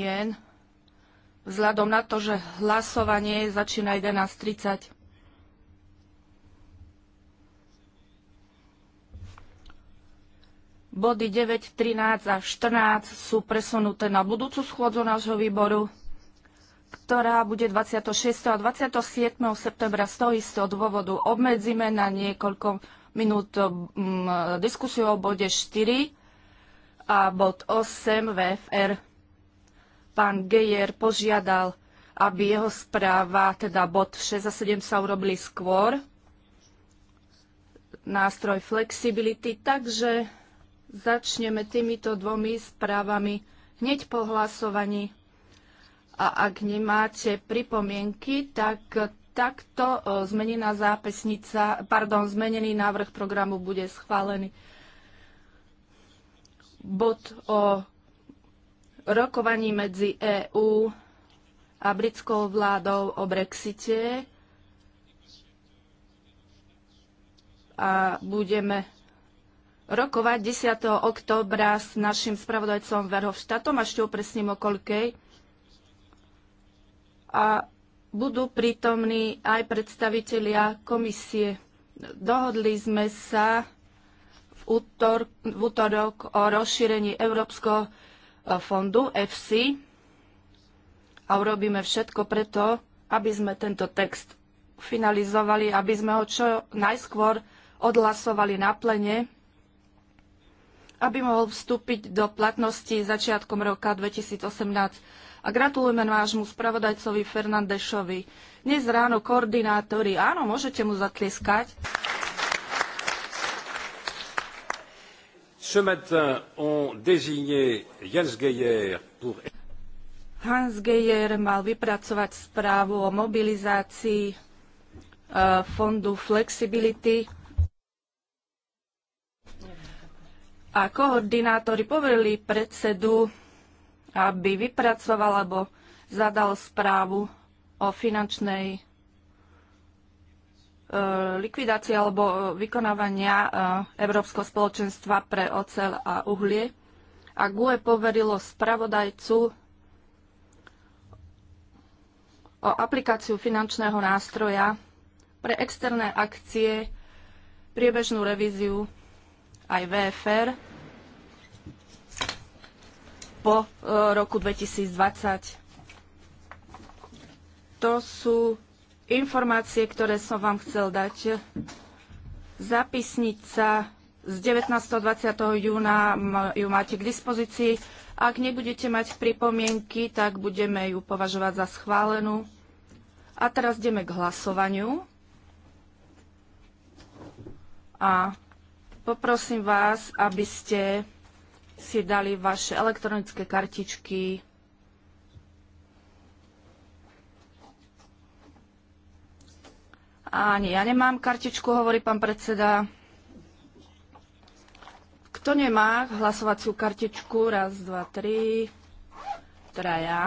jen, vzhľadom na to, že hlasovanie začína 11.30. Body 9, 13 a 14 sú presunuté na budúcu schôdzu nášho výboru, ktorá bude 26. a 27. septembra z toho istého dôvodu. Obmedzíme na niekoľko minút mm, diskusiu o bode 4 a bod 8 VFR pán Gejer požiadal, aby jeho správa, teda bod 6 a 7 sa urobili skôr, nástroj flexibility, takže začneme týmito dvomi správami hneď po hlasovaní. A ak nemáte pripomienky, tak takto e, zmenená zápisnica, pardon, zmenený návrh programu bude schválený. Bod o rokovaní medzi EÚ a britskou vládou o Brexite a budeme rokovať 10. oktobra s našim spravodajcom Verhofštátom a ešte upresním o koľkej. A budú prítomní aj predstavitelia komisie. Dohodli sme sa v, v útorok o rozšírení európsko E, fondu FC a urobíme všetko preto, aby sme tento text finalizovali, aby sme ho čo najskôr odhlasovali na plene, aby mohol vstúpiť do platnosti začiatkom roka 2018 a gratulujeme vášmu spravodajcovi Fernandešovi. Dnes ráno koordinátori, áno, môžete mu zatlieskať. Ce matin, désigné Jens Geyer pour... Hans Geyer mal vypracovať správu o mobilizácii e, fondu Flexibility a koordinátori poverili predsedu, aby vypracoval alebo zadal správu o finančnej E, likvidácie alebo e, vykonávania e, Európskeho spoločenstva pre oceľ a uhlie. A GUE poverilo spravodajcu o aplikáciu finančného nástroja pre externé akcie, priebežnú revíziu aj VFR po roku 2020. To sú informácie, ktoré som vám chcel dať. Zapisnica z 19. 20. júna ju máte k dispozícii. Ak nebudete mať pripomienky, tak budeme ju považovať za schválenú. A teraz ideme k hlasovaniu. A poprosím vás, aby ste si dali vaše elektronické kartičky Ani ja nemám kartičku, hovorí pán predseda. Kto nemá hlasovaciu kartičku? Raz, dva, tri. Teda ja.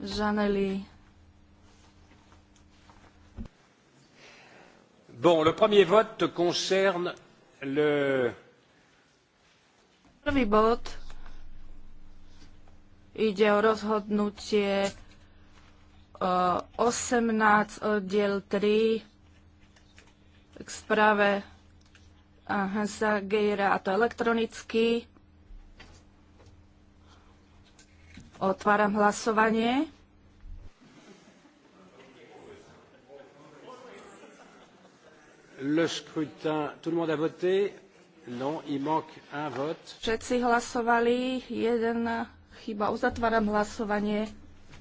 Žaneli. Bon, le premier vote concerne le... Prvý bod ide o rozhodnutie 18 oddiel 3 k správe Hansa Geira a to elektronicky. Otváram hlasovanie. Le scrutin, tout le monde a voté? Non, il manque un vote. Všetci hlasovali, jeden chyba. Uzatváram hlasovanie.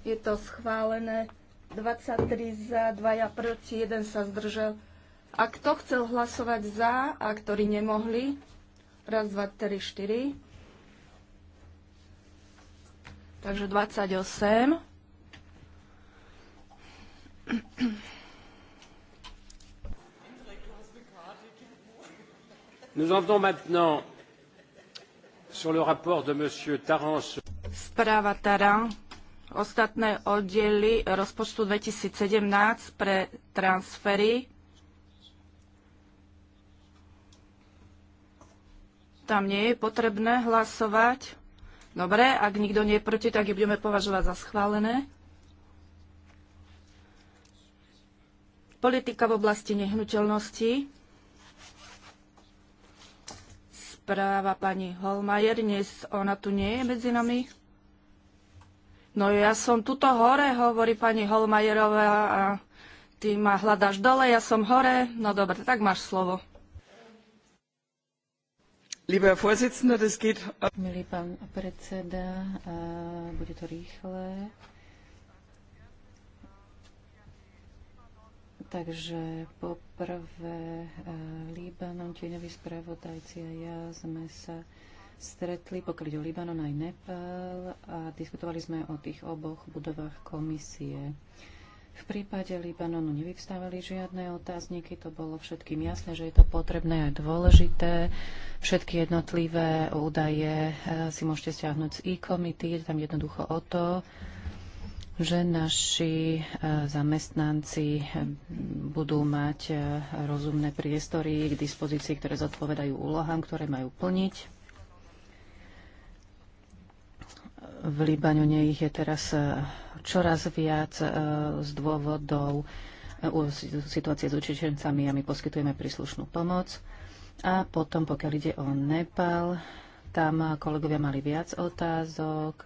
Je to schválené 23 za, 2 ja proti, 1 sa zdržal. A kto chcel hlasovať za a ktorí nemohli? Raz, dva, tri, štyri. Takže 28. Nous en venons maintenant sur le rapport de M. Tarrant. Sprava Tarrant ostatné oddiely rozpočtu 2017 pre transfery. Tam nie je potrebné hlasovať. Dobre, ak nikto nie je proti, tak je budeme považovať za schválené. Politika v oblasti nehnuteľnosti. Správa pani Holmajer, dnes ona tu nie je medzi nami. No ja som tuto hore, hovorí pani Holmajerová a ty ma hľadáš dole, ja som hore. No dobre, tak máš slovo. Milý pán predseda, bude to rýchle. Takže poprvé Libanon, tieňoví spravodajci a ja sme sa stretli, pokryť o Libanon aj Nepal a diskutovali sme o tých oboch budovách komisie. V prípade Libanonu nevyvstávali žiadne otázniky, to bolo všetkým jasné, že je to potrebné a dôležité. Všetky jednotlivé údaje eh, si môžete stiahnuť z e komity je tam jednoducho o to, že naši eh, zamestnanci eh, budú mať rozumné priestory k dispozícii, ktoré zodpovedajú úlohám, ktoré majú plniť v Libanone ich je teraz e, čoraz viac e, z dôvodov e, situácie s učičencami a my poskytujeme príslušnú pomoc. A potom, pokiaľ ide o Nepal, tam kolegovia mali viac otázok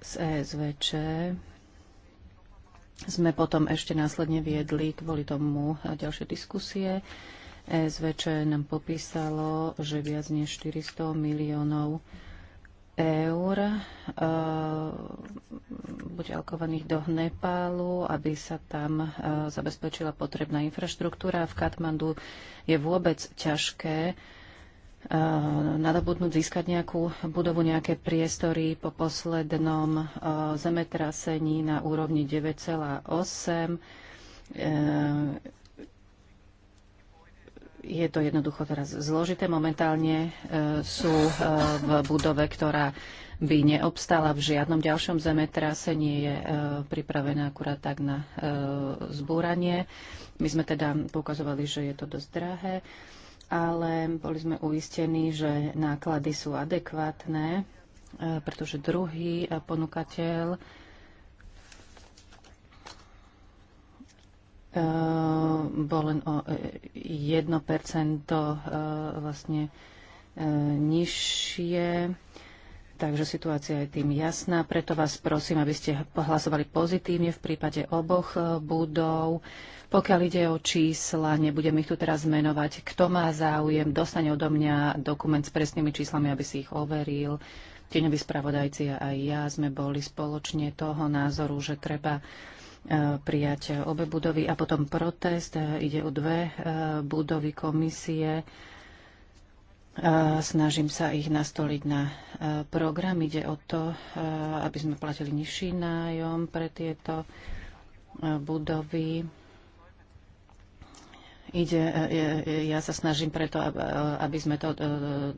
z ESVČ. Sme potom ešte následne viedli kvôli tomu ďalšie diskusie. ESVČ nám popísalo, že viac než 400 miliónov eur eh, buď alkovaných do Nepálu, aby sa tam eh, zabezpečila potrebná infraštruktúra. V Katmandu je vôbec ťažké eh, nadobudnúť, získať nejakú budovu, nejaké priestory po poslednom zemetrasení na úrovni 9,8 je to jednoducho teraz zložité. Momentálne e, sú e, v budove, ktorá by neobstala v žiadnom ďalšom nie je e, pripravená akurát tak na zbúranie. My sme teda poukazovali, že je to dosť drahé, ale boli sme uistení, že náklady sú adekvátne, pretože druhý ponúkateľ Eh, bol len o 1% eh, eh, vlastne nižšie. Takže situácia je tým jasná, preto vás prosím, aby ste hlasovali pozitívne v prípade oboch budov. Pokiaľ ide o čísla, nebudem ich tu teraz menovať. Kto má záujem, dostane odo mňa dokument s presnými číslami, aby si ich overil. Tieňoví spravodajci a aj ja sme boli spoločne toho názoru, že treba E, prijať obe budovy a potom protest. E, ide o dve e, budovy komisie. Snažím sa ich nastoliť na program. Ide o to, aby sme platili nižší nájom pre tieto budovy Ide, e, e, e, ja sa snažím preto, aby sme to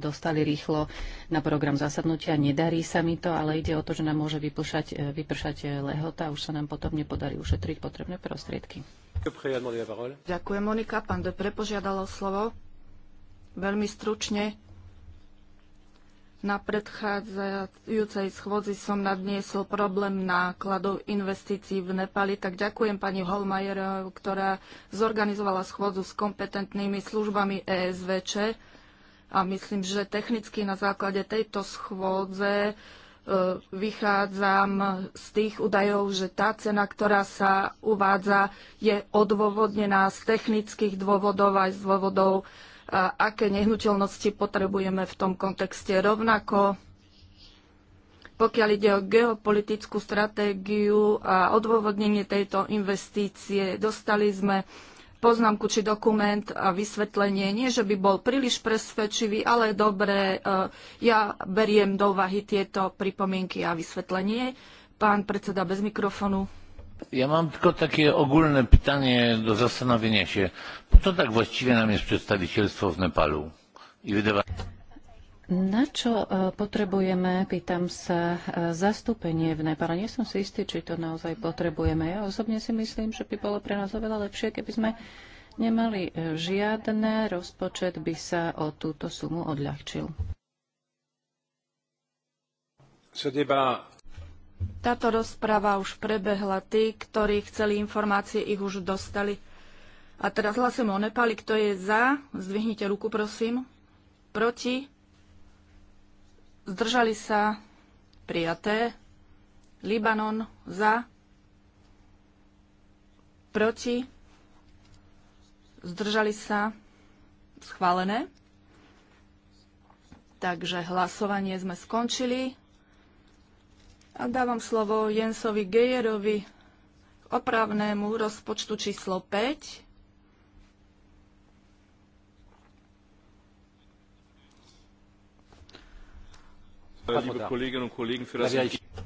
dostali rýchlo na program zasadnutia. Nedarí sa mi to, ale ide o to, že nám môže vypršať, vypršať lehota. Už sa nám potom nepodarí ušetriť potrebné prostriedky. Ďakujem, Monika. Pán Depre požiadalo slovo. Veľmi stručne. Na predchádzajúcej schôdzi som nadniesol problém nákladov investícií v Nepali, tak ďakujem pani Holmajer, ktorá zorganizovala schôdzu s kompetentnými službami ESVČ a myslím, že technicky na základe tejto schôdze e, vychádzam z tých údajov, že tá cena, ktorá sa uvádza, je odôvodnená z technických dôvodov aj z dôvodov aké nehnuteľnosti potrebujeme v tom kontexte. Rovnako pokiaľ ide o geopolitickú stratégiu a odôvodnenie tejto investície, dostali sme poznámku či dokument a vysvetlenie. Nie, že by bol príliš presvedčivý, ale dobre, e, ja beriem do úvahy tieto pripomienky a vysvetlenie. Pán predseda bez mikrofonu. Ja mam tylko takie ogólne pytanie do zastanowienia się. Po co tak właściwie nam jest przedstawicielstwo w Nepalu? I wydawa... Na čo e, potrebujeme, pýtam sa, e, zastúpenie v Nepále? Nie som si istý, či to naozaj potrebujeme. Ja osobne si myslím, že by bolo pre nás oveľa lepšie, keby sme nemali e, žiadne, rozpočet by sa o túto sumu odľahčil. Ce débat táto rozprava už prebehla. Tí, ktorí chceli informácie, ich už dostali. A teraz hlasujem o Nepali. Kto je za? Zdvihnite ruku, prosím. Proti? Zdržali sa? Prijaté. Libanon? Za? Proti? Zdržali sa? Schválené. Takže hlasovanie sme skončili. A dávam slovo Jensovi Gejerovi, opravnému rozpočtu číslo 5.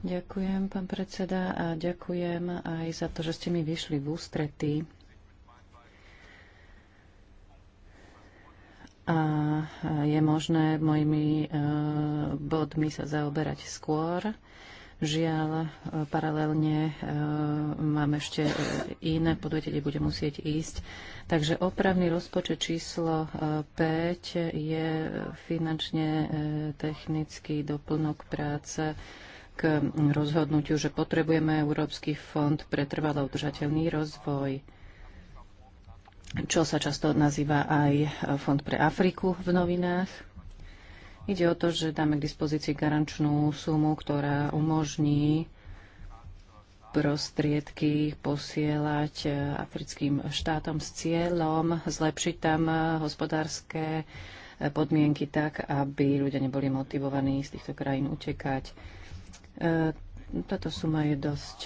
Ďakujem, pán predseda, a ďakujem aj za to, že ste mi vyšli v ústretí. A je možné mojimi eh, bodmi sa zaoberať skôr. Žiaľ, e, paralelne e, mám ešte e, iné podujete kde budem musieť ísť. Takže opravný rozpočet číslo 5 je finančne technický doplnok práce k rozhodnutiu, že potrebujeme Európsky fond pre trvalo udržateľný rozvoj čo sa často nazýva aj Fond pre Afriku v novinách. Ide o to, že dáme k dispozícii garančnú sumu, ktorá umožní prostriedky posielať eh, africkým štátom s cieľom zlepšiť tam eh, hospodárske eh, podmienky tak, aby ľudia neboli motivovaní z týchto krajín utekať. Táto suma je dosť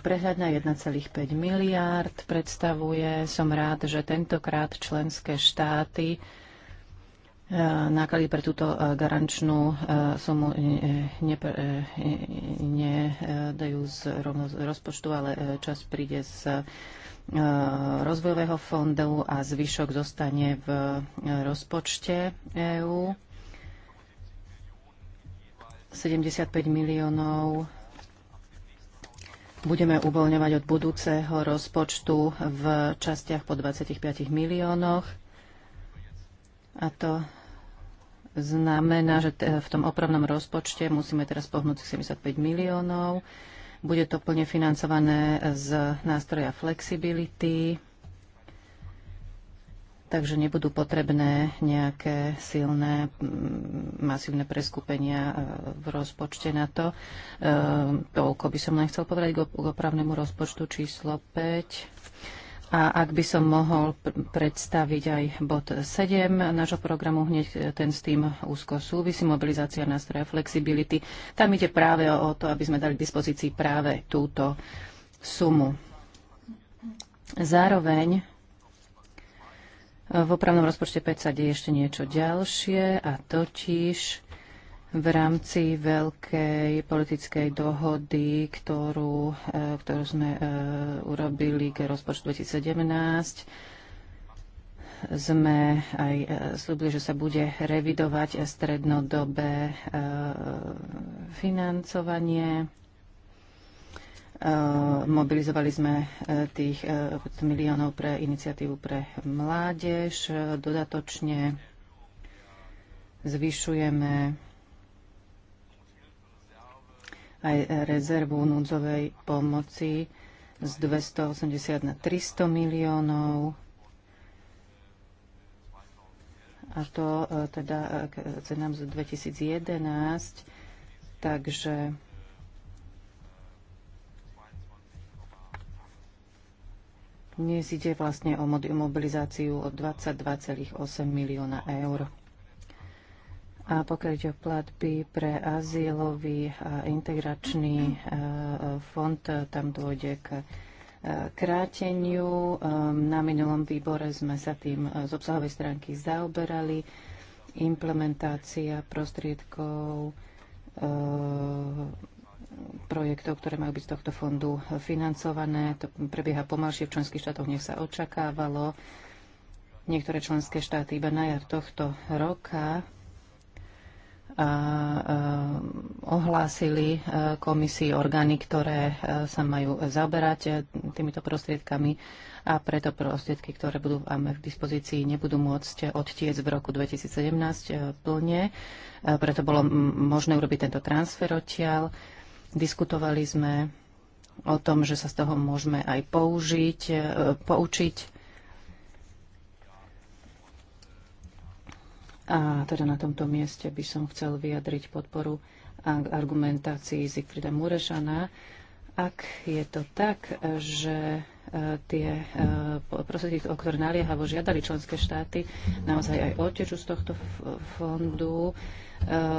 prehľadná, 1,5 miliárd predstavuje. Som rád, že tentokrát členské štáty Eh, náklady pre túto eh, garančnú eh, sumu nedajú z rovno z rozpočtu, ale čas príde z rozvojového fondu a zvyšok zostane v rozpočte EÚ. 75 miliónov budeme uvoľňovať od budúceho rozpočtu v častiach po 25 miliónoch. A to znamená, že v tom opravnom rozpočte musíme teraz pohnúť 75 miliónov. Bude to plne financované z nástroja flexibility, takže nebudú potrebné nejaké silné, mm, masívne preskupenia e, v rozpočte na to. E, toľko by som len chcel povedať k opravnému rozpočtu číslo 5. A ak by som mohol predstaviť aj bod 7 nášho programu, hneď e, ten s tým úzko súvisí, mobilizácia nástroja flexibility. Tam ide práve o to, aby sme dali k dispozícii práve túto sumu. Zároveň e, v opravnom rozpočte 5 sa deje ešte niečo ďalšie a totiž v rámci veľkej politickej dohody, ktorú, e, ktorú sme e, urobili k rozpočtu 2017 Sme aj e, slúbili, že sa bude revidovať strednodobé financovanie. Mobilizovali sme tých miliónov pre iniciatívu pre mládež. Dodatočne zvyšujeme aj rezervu núdzovej pomoci z 280 na 300 miliónov. A to e, teda e, k cenám z 2011. Takže dnes ide vlastne o mobilizáciu o 22,8 milióna eur a pokiaľ ide o platby pre azylový a integračný e, fond, e, tam dôjde k e, kráteniu. Na minulom výbore sme sa tým z obsahovej stránky zaoberali. Implementácia prostriedkov projektov, ktoré majú byť z tohto fondu financované. To prebieha pomalšie v členských štátoch, nech sa očakávalo. Niektoré členské štáty iba na jar tohto roka E, ohlásili e, komisii orgány, ktoré e, sa majú zaoberať týmito prostriedkami a preto prostriedky, ktoré budú máme k dispozícii, nebudú môcť odtiec v roku 2017 plne. Preto bolo možné urobiť tento transfer odtiaľ. Diskutovali sme o tom, že sa z toho môžeme aj použiť, poučiť A teda na tomto mieste by som chcel vyjadriť podporu argumentácii Zigfrida Murešana. Ak je to tak, že e, tie e, prostriedky, o ktoré naliehavo žiadali členské štáty, naozaj aj otečú z tohto fondu e,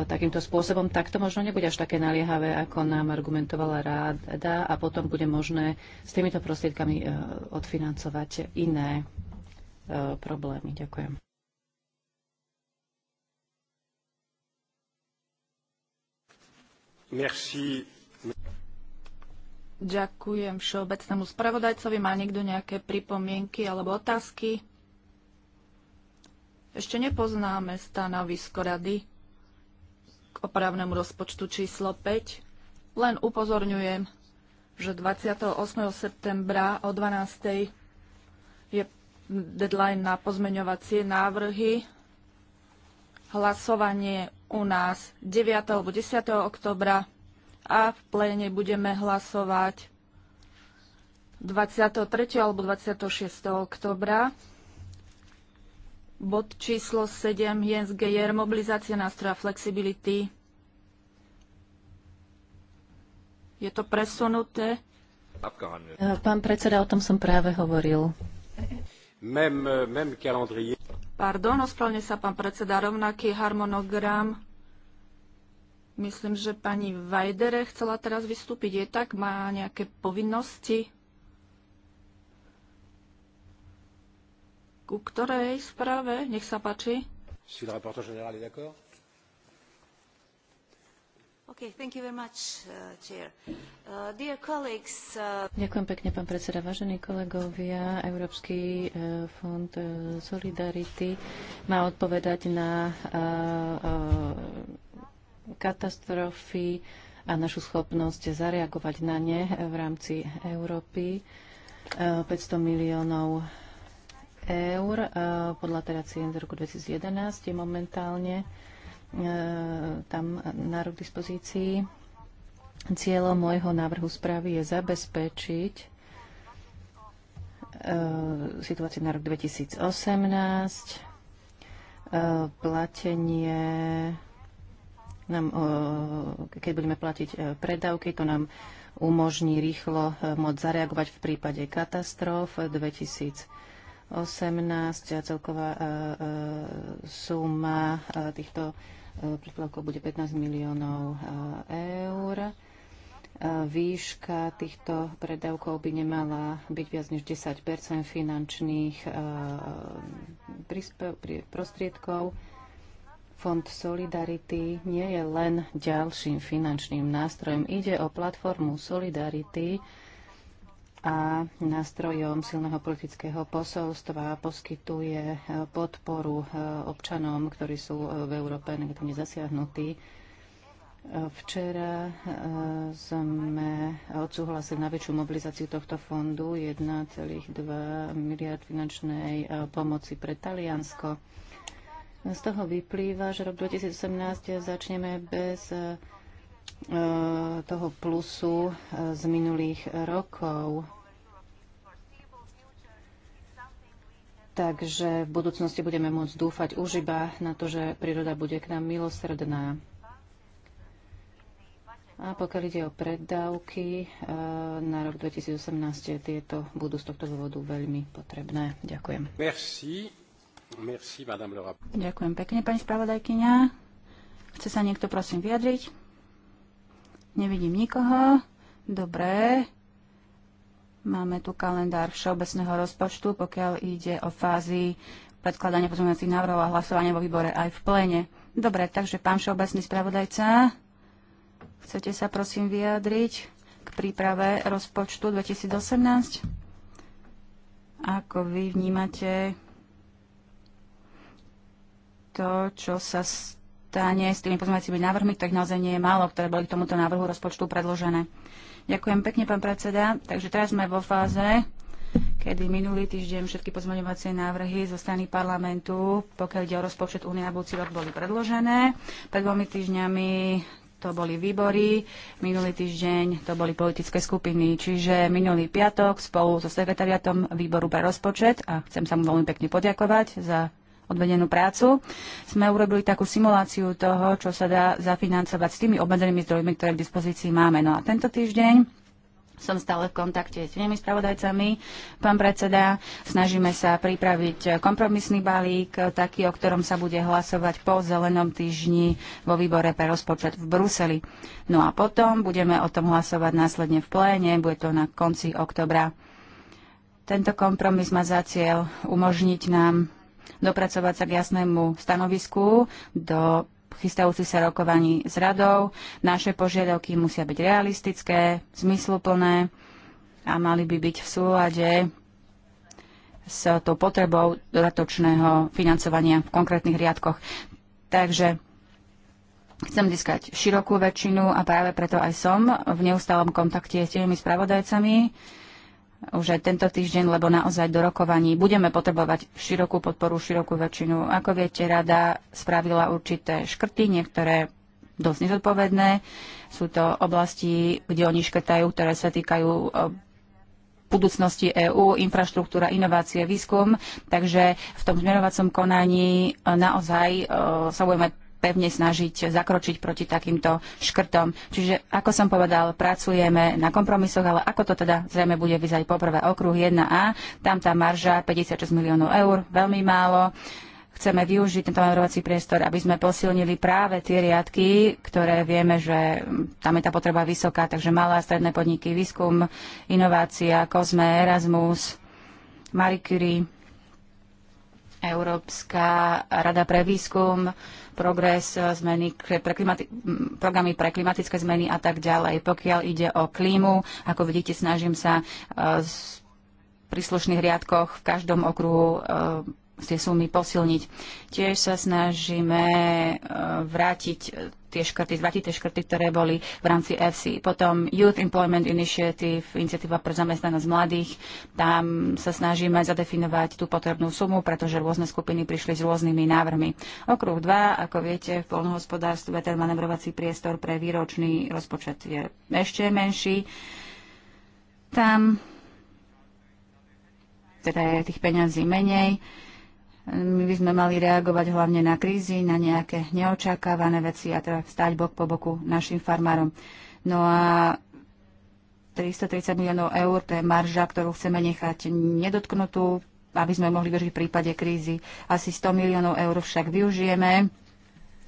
takýmto spôsobom, tak to možno nebude až také naliehavé, ako nám argumentovala ráda a potom bude možné s týmito prostriedkami odfinancovať iné problémy. Ďakujem. Ďakujem všeobecnému spravodajcovi. Má niekto nejaké pripomienky alebo otázky? Ešte nepoznáme stanovisko rady k opravnému rozpočtu číslo 5. Len upozorňujem, že 28. septembra o 12. je deadline na pozmeňovacie návrhy. Hlasovanie u nás 9. alebo 10. oktobra a v pléne budeme hlasovať 23. alebo 26. oktobra. Bod číslo 7 Jens Geyer, mobilizácia nástroja flexibility. Je to presunuté? Pán predseda, o tom som práve hovoril. Même, même Pardon, ospravne sa pán predseda, rovnaký harmonogram. Myslím, že pani Vajdere chcela teraz vystúpiť. Je tak? Má nejaké povinnosti? Ku ktorej správe? Nech sa páči. Si le rapporteur général est d'accord? Uh, uh, uh, Ďakujem pekne, pán predseda. Vážení kolegovia, Európsky fond Solidarity má odpovedať na katastrofy a našu schopnosť zareagovať na ne v rámci Európy. 500 miliónov eur podľa teda cien z roku 2011 je momentálne E, tam na k dispozícii. Cieľom môjho návrhu správy je zabezpečiť e, situáciu na rok 2018, e, platenie nám, keď budeme platiť predávky, to nám umožní rýchlo môcť zareagovať v prípade katastrof 2018. Celková suma týchto E, príplavkov bude 15 miliónov e, eur. E, výška týchto predávkov by nemala byť viac než 10 finančných prostriedkov. Fond Solidarity nie je len ďalším finančným nástrojom. Ide o platformu Solidarity, a nástrojom silného politického posolstva poskytuje e, podporu e, občanom, ktorí sú e, v Európe negatívne zasiahnutí. Včera sme odsúhlasili na väčšiu mobilizáciu tohto fondu 1,2 miliard finančnej pomoci pre Taliansko. Z toho vyplýva, že rok 2018 začneme bez E, toho plusu e, z minulých rokov. Takže v budúcnosti budeme môcť dúfať už iba na to, že príroda bude k nám milosrdná. A pokiaľ ide o predávky, e, na rok 2018, tieto budú z tohto dôvodu veľmi potrebné. Ďakujem. Merci. Merci, madame Ďakujem pekne, pani spravodajkyňa. Chce sa niekto prosím vyjadriť? Nevidím nikoho. Dobre. Máme tu kalendár všeobecného rozpočtu, pokiaľ ide o fázy predkladania pozmeňovacích návrhov a hlasovania vo výbore aj v plene. Dobre, takže pán všeobecný spravodajca, chcete sa prosím vyjadriť k príprave rozpočtu 2018? Ako vy vnímate to, čo sa stane s tými pozmeňovacími návrhmi, ktorých naozaj nie je málo, ktoré boli k tomuto návrhu rozpočtu predložené. Ďakujem pekne, pán predseda. Takže teraz sme vo fáze, kedy minulý týždeň všetky pozmeňovacie návrhy zo strany parlamentu, pokiaľ ide o rozpočet únie na budúci rok, boli predložené. Pred dvomi týždňami to boli výbory, minulý týždeň to boli politické skupiny, čiže minulý piatok spolu so sekretariatom výboru pre rozpočet a chcem sa mu veľmi pekne poďakovať za odvedenú prácu, sme urobili takú simuláciu toho, čo sa dá zafinancovať s tými obmedzenými zdrojmi, ktoré k dispozícii máme. No a tento týždeň som stále v kontakte s inými spravodajcami, pán predseda. Snažíme sa pripraviť kompromisný balík, taký, o ktorom sa bude hlasovať po zelenom týždni vo výbore pre rozpočet v Bruseli. No a potom budeme o tom hlasovať následne v pléne, bude to na konci oktobra. Tento kompromis má za cieľ umožniť nám dopracovať sa k jasnému stanovisku do chystajúcich sa rokovaní s radou. Naše požiadavky musia byť realistické, zmysluplné a mali by byť v súlade s tou potrebou dodatočného financovania v konkrétnych riadkoch. Takže chcem získať širokú väčšinu a práve preto aj som v neustálom kontakte s tými spravodajcami už aj tento týždeň, lebo naozaj do rokovaní budeme potrebovať širokú podporu, širokú väčšinu. Ako viete, rada spravila určité škrty, niektoré dosť nezodpovedné. Sú to oblasti, kde oni škrtajú, ktoré sa týkajú e, budúcnosti EÚ, infraštruktúra, inovácie, výskum. Takže v tom zmierovacom konaní e, naozaj e, sa budeme pevne snažiť zakročiť proti takýmto škrtom. Čiže, ako som povedal, pracujeme na kompromisoch, ale ako to teda zrejme bude vyzať poprvé okruh 1A, tam tá marža 56 miliónov eur, veľmi málo. Chceme využiť tento manevrovací priestor, aby sme posilnili práve tie riadky, ktoré vieme, že tam je tá potreba vysoká, takže malé a stredné podniky, výskum, inovácia, kozme, Erasmus, Marie Curie, Európska rada pre výskum, progres, eh, zmeny pre klimati- programy pre klimatické zmeny a tak ďalej. Pokiaľ ide o klímu, ako vidíte, snažím sa eh, v príslušných riadkoch v každom okruhu eh, tie sumy posilniť. Tiež sa snažíme e, vrátiť e, tie škrty, zvratiť tie škrty, ktoré boli v rámci FC. Potom Youth Employment Initiative, iniciatíva pre zamestnanosť mladých, tam sa snažíme zadefinovať tú potrebnú sumu, pretože rôzne skupiny prišli s rôznymi návrhmi. Okruh 2, ako viete, v polnohospodárstve ten manevrovací priestor pre výročný rozpočet je ešte menší. Tam teda je tých peňazí menej. My by sme mali reagovať hlavne na krízy, na nejaké neočakávané veci a teda stať bok po boku našim farmárom. No a 330 miliónov eur, to je marža, ktorú chceme nechať nedotknutú, aby sme mohli využiť v prípade krízy. Asi 100 miliónov eur však využijeme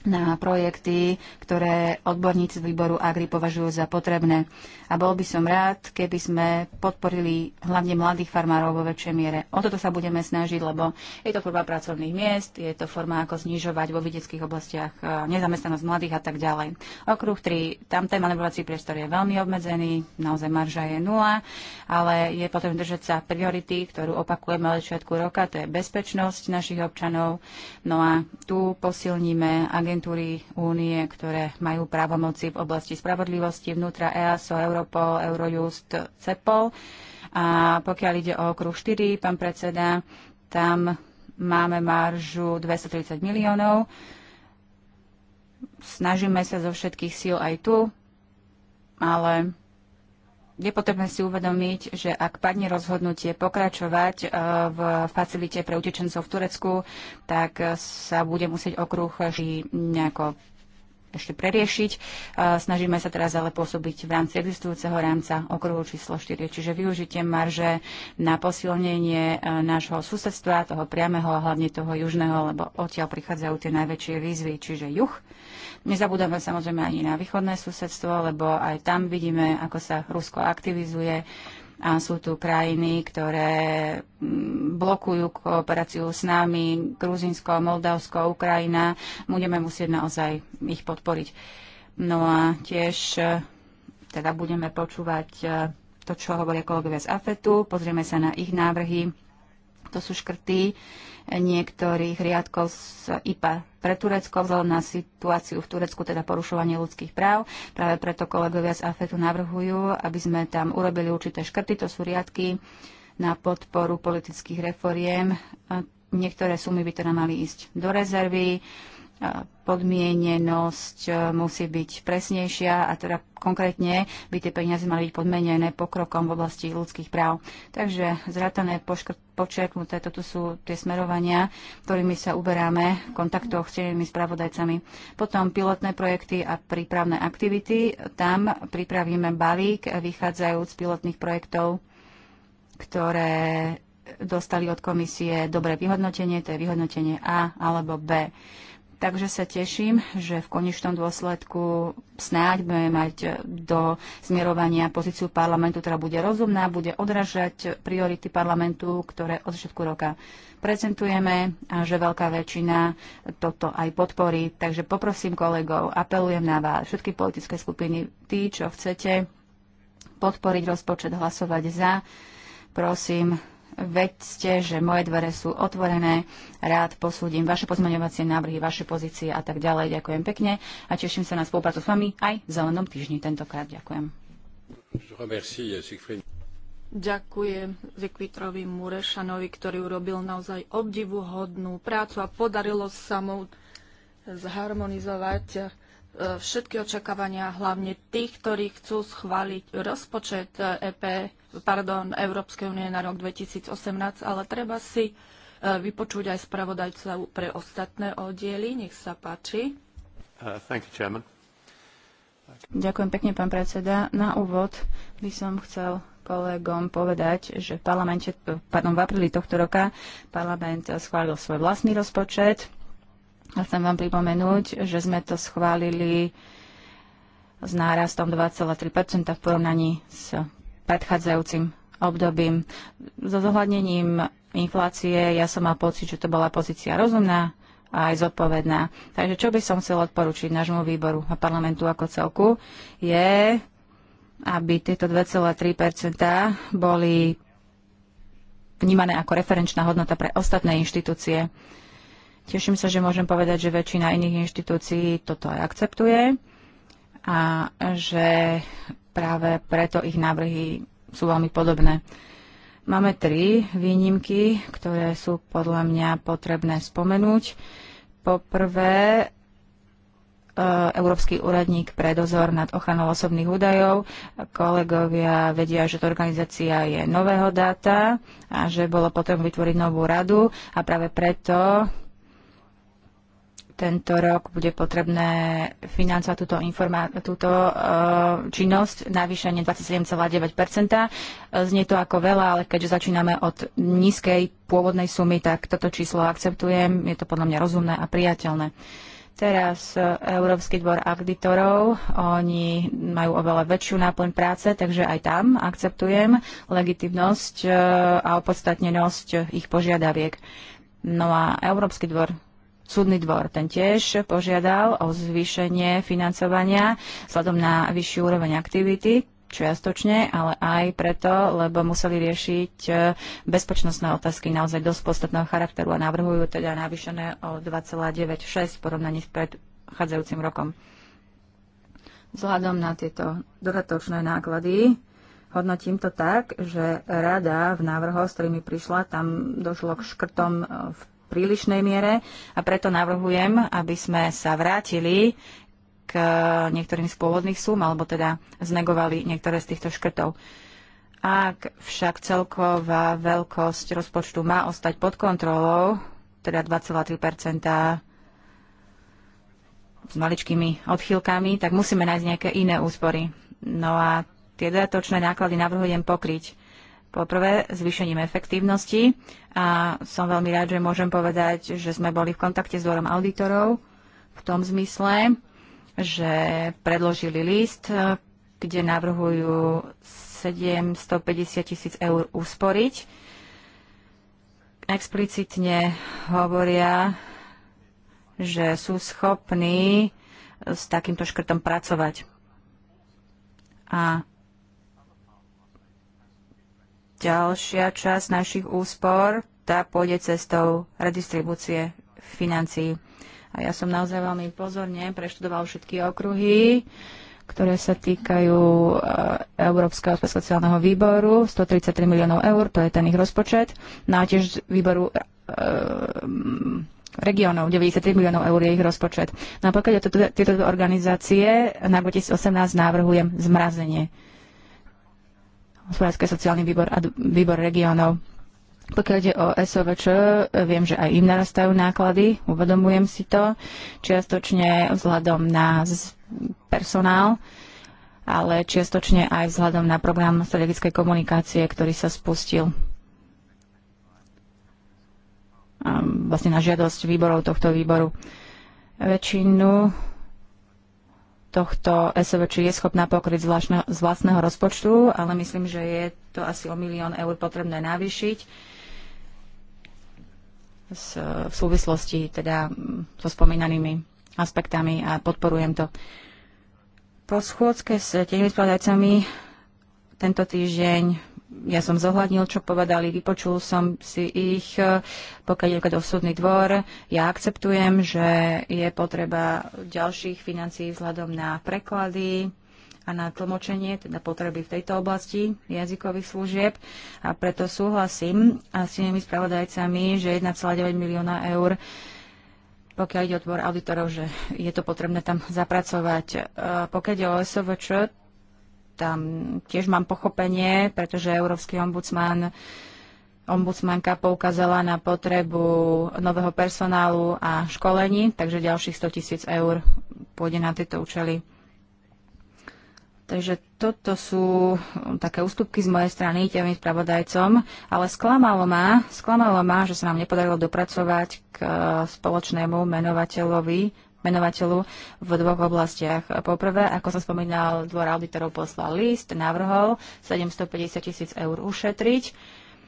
na projekty, ktoré odborníci z výboru Agri považujú za potrebné a bol by som rád, keby sme podporili hlavne mladých farmárov vo väčšej miere. O toto sa budeme snažiť, lebo je to forma pracovných miest, je to forma, ako znižovať vo vidieckých oblastiach nezamestnanosť mladých a tak ďalej. Okruh 3, tam ten manevrovací priestor je veľmi obmedzený, naozaj marža je nula, ale je potrebné držať sa priority, ktorú opakujeme od začiatku roka, to je bezpečnosť našich občanov. No a tu posilníme agentúry únie, ktoré majú právomoci v oblasti spravodlivosti vnútra EASO, Euró- Europol, Eurojust, CEPOL. A pokiaľ ide o okruh 4, pán predseda, tam máme maržu 230 miliónov. Snažíme sa zo všetkých síl aj tu, ale je potrebné si uvedomiť, že ak padne rozhodnutie pokračovať e, v facilite pre utečencov v Turecku, tak sa bude musieť okruh nejako ešte preriešiť. E, snažíme sa teraz ale pôsobiť v rámci existujúceho rámca okruhu číslo 4, čiže využitie marže na posilnenie e, nášho susedstva, toho priameho a hlavne toho južného, lebo odtiaľ prichádzajú tie najväčšie výzvy, čiže juh. Nezabúdame samozrejme ani na východné susedstvo, lebo aj tam vidíme, ako sa Rusko aktivizuje, a sú tu krajiny, ktoré mm, blokujú kooperáciu s nami, Gruzinsko, Moldavsko, Ukrajina. Budeme musieť naozaj ich podporiť. No a tiež e, teda budeme počúvať e, to, čo hovoria kolegovia z AFETu, pozrieme sa na ich návrhy, to sú škrty niektorých riadkov z IPA pre Turecko, vzhľadom na situáciu v Turecku, teda porušovanie ľudských práv. Práve preto kolegovia z AFETu navrhujú, aby sme tam urobili určité škrty, to sú riadky na podporu politických reforiem. Niektoré sumy by teda mali ísť do rezervy podmienenosť e, musí byť presnejšia a teda konkrétne by tie peniaze mali byť podmenené pokrokom v oblasti ľudských práv. Takže zratané, počerknuté, toto sú tie smerovania, ktorými sa uberáme v kontaktoch s tými spravodajcami. Potom pilotné projekty a prípravné aktivity. Tam pripravíme balík vychádzajúc z pilotných projektov, ktoré dostali od komisie dobré vyhodnotenie, to je vyhodnotenie A alebo B. Takže sa teším, že v konečnom dôsledku snáď budeme mať do smerovania pozíciu parlamentu, ktorá bude rozumná, bude odražať priority parlamentu, ktoré od začiatku roka prezentujeme a že veľká väčšina toto aj podporí. Takže poprosím kolegov, apelujem na vás, všetky politické skupiny, tí, čo chcete podporiť rozpočet, hlasovať za, prosím, Vedzte, že moje dvere sú otvorené, rád posúdim vaše pozmeňovacie návrhy, vaše pozície a tak ďalej. Ďakujem pekne a teším sa na spoluprácu s vami aj v zelenom týždni tentokrát. Ďakujem. Ďakujem Zikvitrovi Murešanovi, ktorý urobil naozaj obdivuhodnú prácu a podarilo sa mu zharmonizovať e, všetky očakávania, hlavne tých, ktorí chcú schváliť rozpočet EP e pardon, Európskej únie na rok 2018, ale treba si e, vypočuť aj spravodajca pre ostatné oddiely. Nech sa páči. Uh, Ďakujem pekne, pán predseda. Na úvod by som chcel kolegom povedať, že v, parlamente, pardon, v apríli tohto roka parlament schválil svoj vlastný rozpočet. A chcem vám pripomenúť, že sme to schválili s nárastom 2,3 v porovnaní s predchádzajúcim obdobím. So zohľadnením inflácie ja som mal pocit, že to bola pozícia rozumná a aj zodpovedná. Takže čo by som chcel odporučiť nášmu výboru a parlamentu ako celku je, aby tieto 2,3 boli vnímané ako referenčná hodnota pre ostatné inštitúcie. Teším sa, že môžem povedať, že väčšina iných inštitúcií toto aj akceptuje a že práve preto ich návrhy sú veľmi podobné. Máme tri výnimky, ktoré sú podľa mňa potrebné spomenúť. Poprvé, e, Európsky úradník pre dozor nad ochranou osobných údajov. Kolegovia vedia, že to organizácia je nového dáta a že bolo potrebné vytvoriť novú radu a práve preto tento rok bude potrebné financovať túto, informa- túto uh, činnosť navýšenie 27,9 e, Znie to ako veľa, ale keďže začíname od nízkej pôvodnej sumy, tak toto číslo akceptujem. Je to podľa mňa rozumné a priateľné. Teraz e, Európsky dvor auditorov, oni majú oveľa väčšiu náplň práce, takže aj tam akceptujem legitimnosť a opodstatnenosť ich požiadaviek. No a Európsky dvor súdny dvor. Ten tiež požiadal o zvýšenie financovania vzhľadom na vyšší úroveň aktivity čiastočne, ale aj preto, lebo museli riešiť e, bezpečnostné otázky naozaj dosť podstatného charakteru a navrhujú teda navýšené o 2,96 v porovnaní s predchádzajúcim rokom. Vzhľadom na tieto dodatočné náklady hodnotím to tak, že rada v návrhoch, s ktorými prišla, tam došlo k škrtom e, v prílišnej miere a preto navrhujem, aby sme sa vrátili k niektorým z pôvodných súm, alebo teda znegovali niektoré z týchto škrtov. Ak však celková veľkosť rozpočtu má ostať pod kontrolou, teda 2,3 s maličkými odchýlkami, tak musíme nájsť nejaké iné úspory. No a tie dodatočné náklady navrhujem pokryť poprvé zvýšením efektívnosti a som veľmi rád, že môžem povedať, že sme boli v kontakte s dvorom auditorov v tom zmysle, že predložili list, kde navrhujú 750 tisíc eur usporiť. Explicitne hovoria, že sú schopní s takýmto škrtom pracovať. A ďalšia časť našich úspor, tá pôjde cestou redistribúcie financií. A ja som naozaj veľmi pozorne preštudoval všetky okruhy, ktoré sa týkajú e, Európskeho sociálneho výboru, 133 miliónov eur, to je ten ich rozpočet, na no tiež výboru e, regionov, 93 miliónov eur je ich rozpočet. No a pokiaľ tieto, tieto organizácie na 2018 návrhujem zmrazenie hospodársky sociálny výbor a výbor regionov. Pokiaľ ide o SOVČ, viem, že aj im narastajú náklady, uvedomujem si to, čiastočne vzhľadom na personál, ale čiastočne aj vzhľadom na program strategickej komunikácie, ktorý sa spustil vlastne na žiadosť výborov tohto výboru. Väčšinu tohto SVČ je schopná pokryť z, vlastného rozpočtu, ale myslím, že je to asi o milión eur potrebné navýšiť v súvislosti teda so spomínanými aspektami a podporujem to. Po schôdzke s tými spravodajcami tento týždeň ja som zohľadnil, čo povedali, vypočul som si ich, eh, pokiaľ je do súdny dvor. Ja akceptujem, že je potreba ďalších financií vzhľadom na preklady a na tlmočenie, teda potreby v tejto oblasti jazykových služieb. A preto súhlasím a s tými spravodajcami, že 1,9 milióna eur pokiaľ ide o dvor auditorov, že je to potrebné tam zapracovať. Eh, pokiaľ ide o SOVČ, tam tiež mám pochopenie, pretože Európsky ombudsman Ombudsmanka poukázala na potrebu nového personálu a školení, takže ďalších 100 tisíc eur pôjde na tieto účely. Takže toto sú také ústupky z mojej strany tevým spravodajcom, ale sklamalo ma, sklamalo ma, že sa nám nepodarilo dopracovať k spoločnému menovateľovi menovateľu v dvoch oblastiach. Poprvé, ako som spomínal, dvor auditorov poslal list, navrhol 750 tisíc eur ušetriť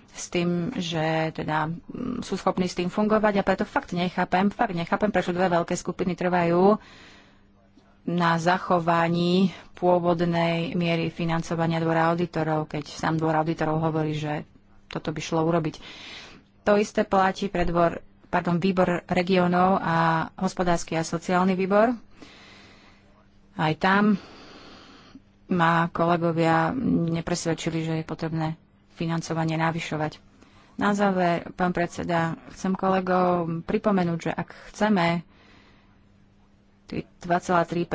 s tým, že teda mm, sú schopní s tým fungovať a preto fakt nechápem, fakt nechápem, prečo dve veľké skupiny trvajú na zachovaní pôvodnej miery financovania dvora auditorov, keď sám dvor auditorov hovorí, že toto by šlo urobiť. To isté platí pre dvor pardon, výbor regiónov a hospodársky a sociálny výbor. Aj tam ma kolegovia nepresvedčili, že je potrebné financovanie navyšovať. Na záver, pán predseda, chcem kolegov pripomenúť, že ak chceme 2,3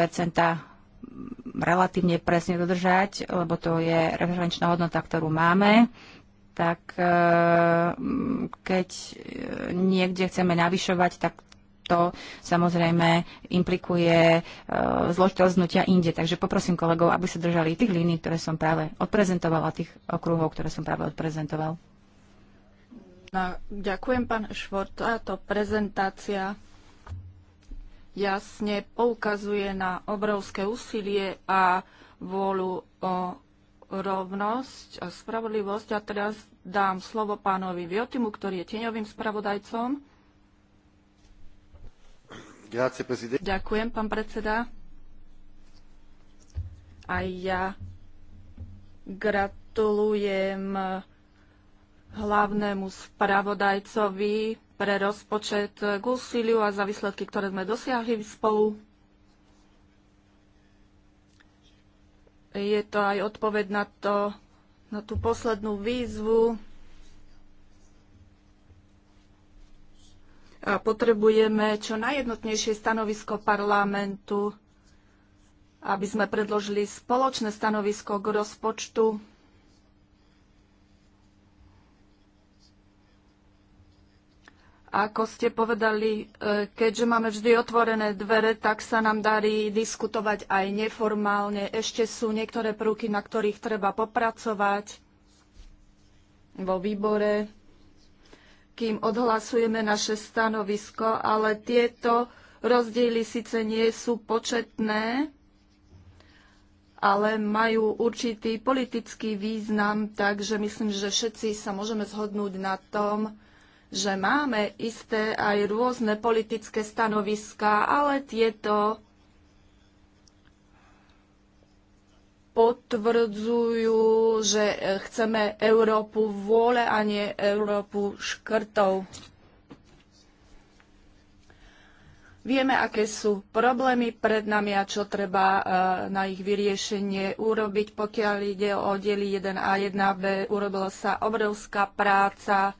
relatívne presne dodržať, lebo to je referenčná hodnota, ktorú máme, tak eh, keď eh, niekde chceme navyšovať, tak to samozrejme implikuje eh, zložitosť znutia inde. Takže poprosím kolegov, aby sa držali tých línií, ktoré som práve odprezentoval a tých okruhov, ktoré som práve odprezentoval. No, ďakujem, pán Švort. Táto prezentácia jasne poukazuje na obrovské úsilie a vôľu o rovnosť a spravodlivosť. A teraz dám slovo pánovi Viotimu, ktorý je tieňovým spravodajcom. Ďakujem, pán predseda. A ja gratulujem hlavnému spravodajcovi pre rozpočet k úsiliu a za výsledky, ktoré sme dosiahli spolu je to aj odpoveď na, to, na tú poslednú výzvu. A potrebujeme čo najjednotnejšie stanovisko parlamentu, aby sme predložili spoločné stanovisko k rozpočtu Ako ste povedali, e, keďže máme vždy otvorené dvere, tak sa nám darí diskutovať aj neformálne. Ešte sú niektoré prúky, na ktorých treba popracovať vo výbore, kým odhlasujeme naše stanovisko, ale tieto rozdiely síce nie sú početné, ale majú určitý politický význam, takže myslím, že všetci sa môžeme zhodnúť na tom, že máme isté aj rôzne politické stanoviská, ale tieto potvrdzujú, že chceme Európu vôle a nie Európu škrtov. Vieme, aké sú problémy pred nami a čo treba e, na ich vyriešenie urobiť. Pokiaľ ide o diely 1 a 1b, urobila sa obrovská práca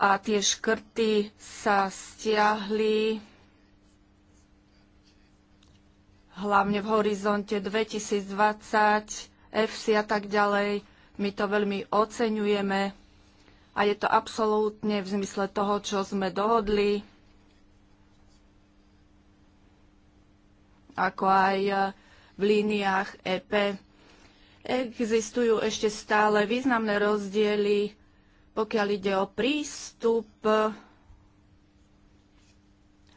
a tie škrty sa stiahli hlavne v horizonte 2020, EFSI a tak ďalej. My to veľmi oceňujeme a je to absolútne v zmysle toho, čo sme dohodli, ako aj e, v líniách EP. Existujú ešte stále významné rozdiely pokiaľ ide o prístup,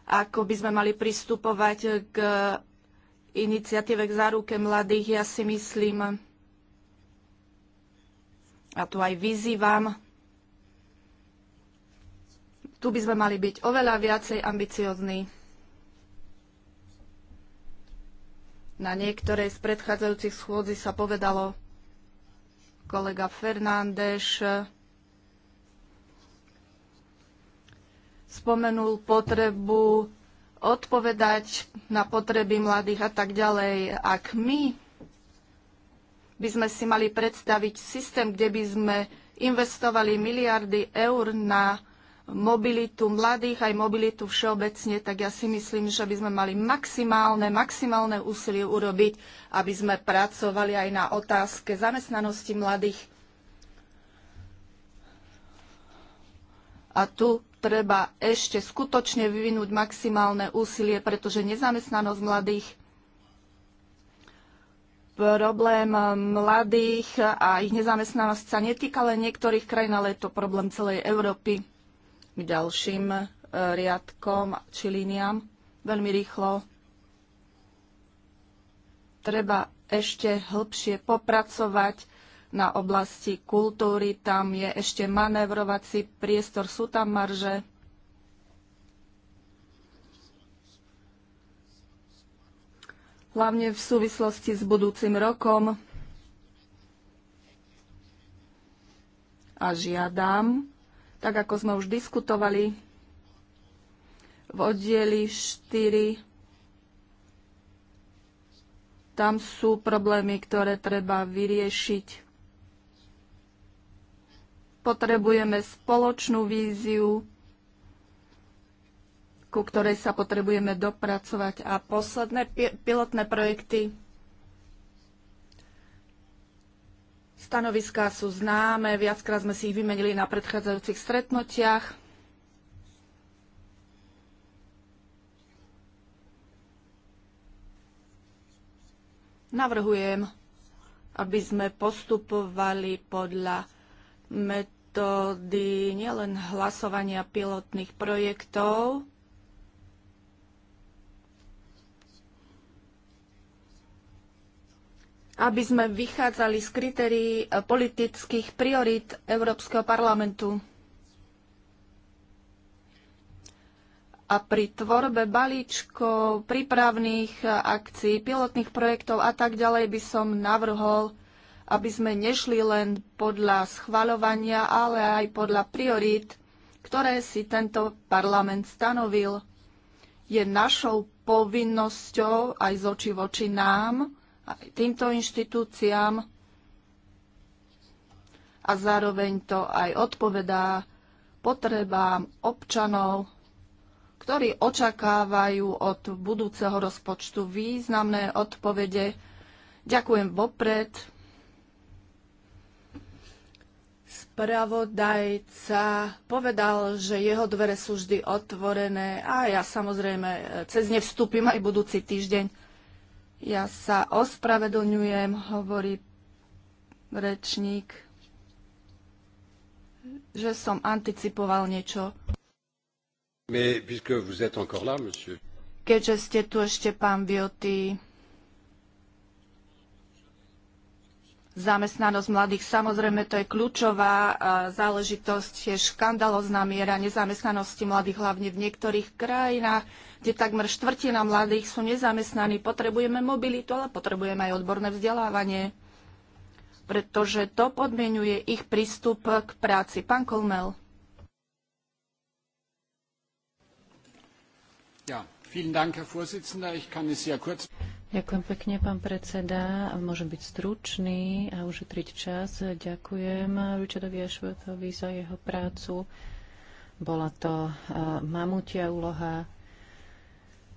ako by sme mali pristupovať k iniciatíve k záruke mladých, ja si myslím, a tu aj vyzývam, tu by sme mali byť oveľa viacej ambiciozní. Na niektorej z predchádzajúcich schôdzi sa povedalo kolega Fernández, spomenul potrebu odpovedať na potreby mladých a tak ďalej. Ak my by sme si mali predstaviť systém, kde by sme investovali miliardy eur na mobilitu mladých, aj mobilitu všeobecne, tak ja si myslím, že by sme mali maximálne, maximálne úsilie urobiť, aby sme pracovali aj na otázke zamestnanosti mladých. A tu treba ešte skutočne vyvinúť maximálne úsilie, pretože nezamestnanosť mladých problém mladých a ich nezamestnanosť sa netýka len niektorých krajín, ale je to problém celej Európy. K ďalším e, riadkom či líniám veľmi rýchlo. Treba ešte hĺbšie popracovať na oblasti kultúry, tam je ešte manévrovací priestor, sú tam marže. Hlavne v súvislosti s budúcim rokom a žiadam, tak ako sme už diskutovali v oddieli 4 tam sú problémy, ktoré treba vyriešiť. Potrebujeme spoločnú víziu, ku ktorej sa potrebujeme dopracovať. A posledné pilotné projekty. Stanoviská sú známe, viackrát sme si ich vymenili na predchádzajúcich stretnutiach. Navrhujem, aby sme postupovali podľa met- metódy nielen hlasovania pilotných projektov, aby sme vychádzali z kritérií eh, politických priorít Európskeho parlamentu. A pri tvorbe balíčkov, prípravných eh, akcií, pilotných projektov a tak ďalej by som navrhol aby sme nešli len podľa schvaľovania, ale aj podľa priorít, ktoré si tento parlament stanovil. Je našou povinnosťou aj z oči voči nám, aj týmto inštitúciám a zároveň to aj odpovedá potrebám občanov, ktorí očakávajú od budúceho rozpočtu významné odpovede. Ďakujem vopred Spravodajca povedal, že jeho dvere sú vždy otvorené a ja samozrejme e, cez ne vstúpim aj budúci týždeň. Ja sa ospravedlňujem, hovorí rečník, že som anticipoval niečo. Mais puisque vous êtes encore là, monsieur. Keďže ste tu ešte, pán Vioty, Zamestnanosť mladých, samozrejme, to je kľúčová e, záležitosť, je škandalozná miera nezamestnanosti mladých, hlavne v niektorých krajinách, kde takmer štvrtina mladých sú nezamestnaní. Potrebujeme mobilitu, ale potrebujeme aj odborné vzdelávanie, pretože to podmienuje ich prístup k práci. Pán Kolmel. Ja, vielen Dank, Herr Vorsitzender. Ich kann es sehr kurz... Ďakujem pekne, pán predseda. Môžem byť stručný a triť čas. Ďakujem Richardovi Ashworthovi za jeho prácu. Bola to e, mamutia úloha.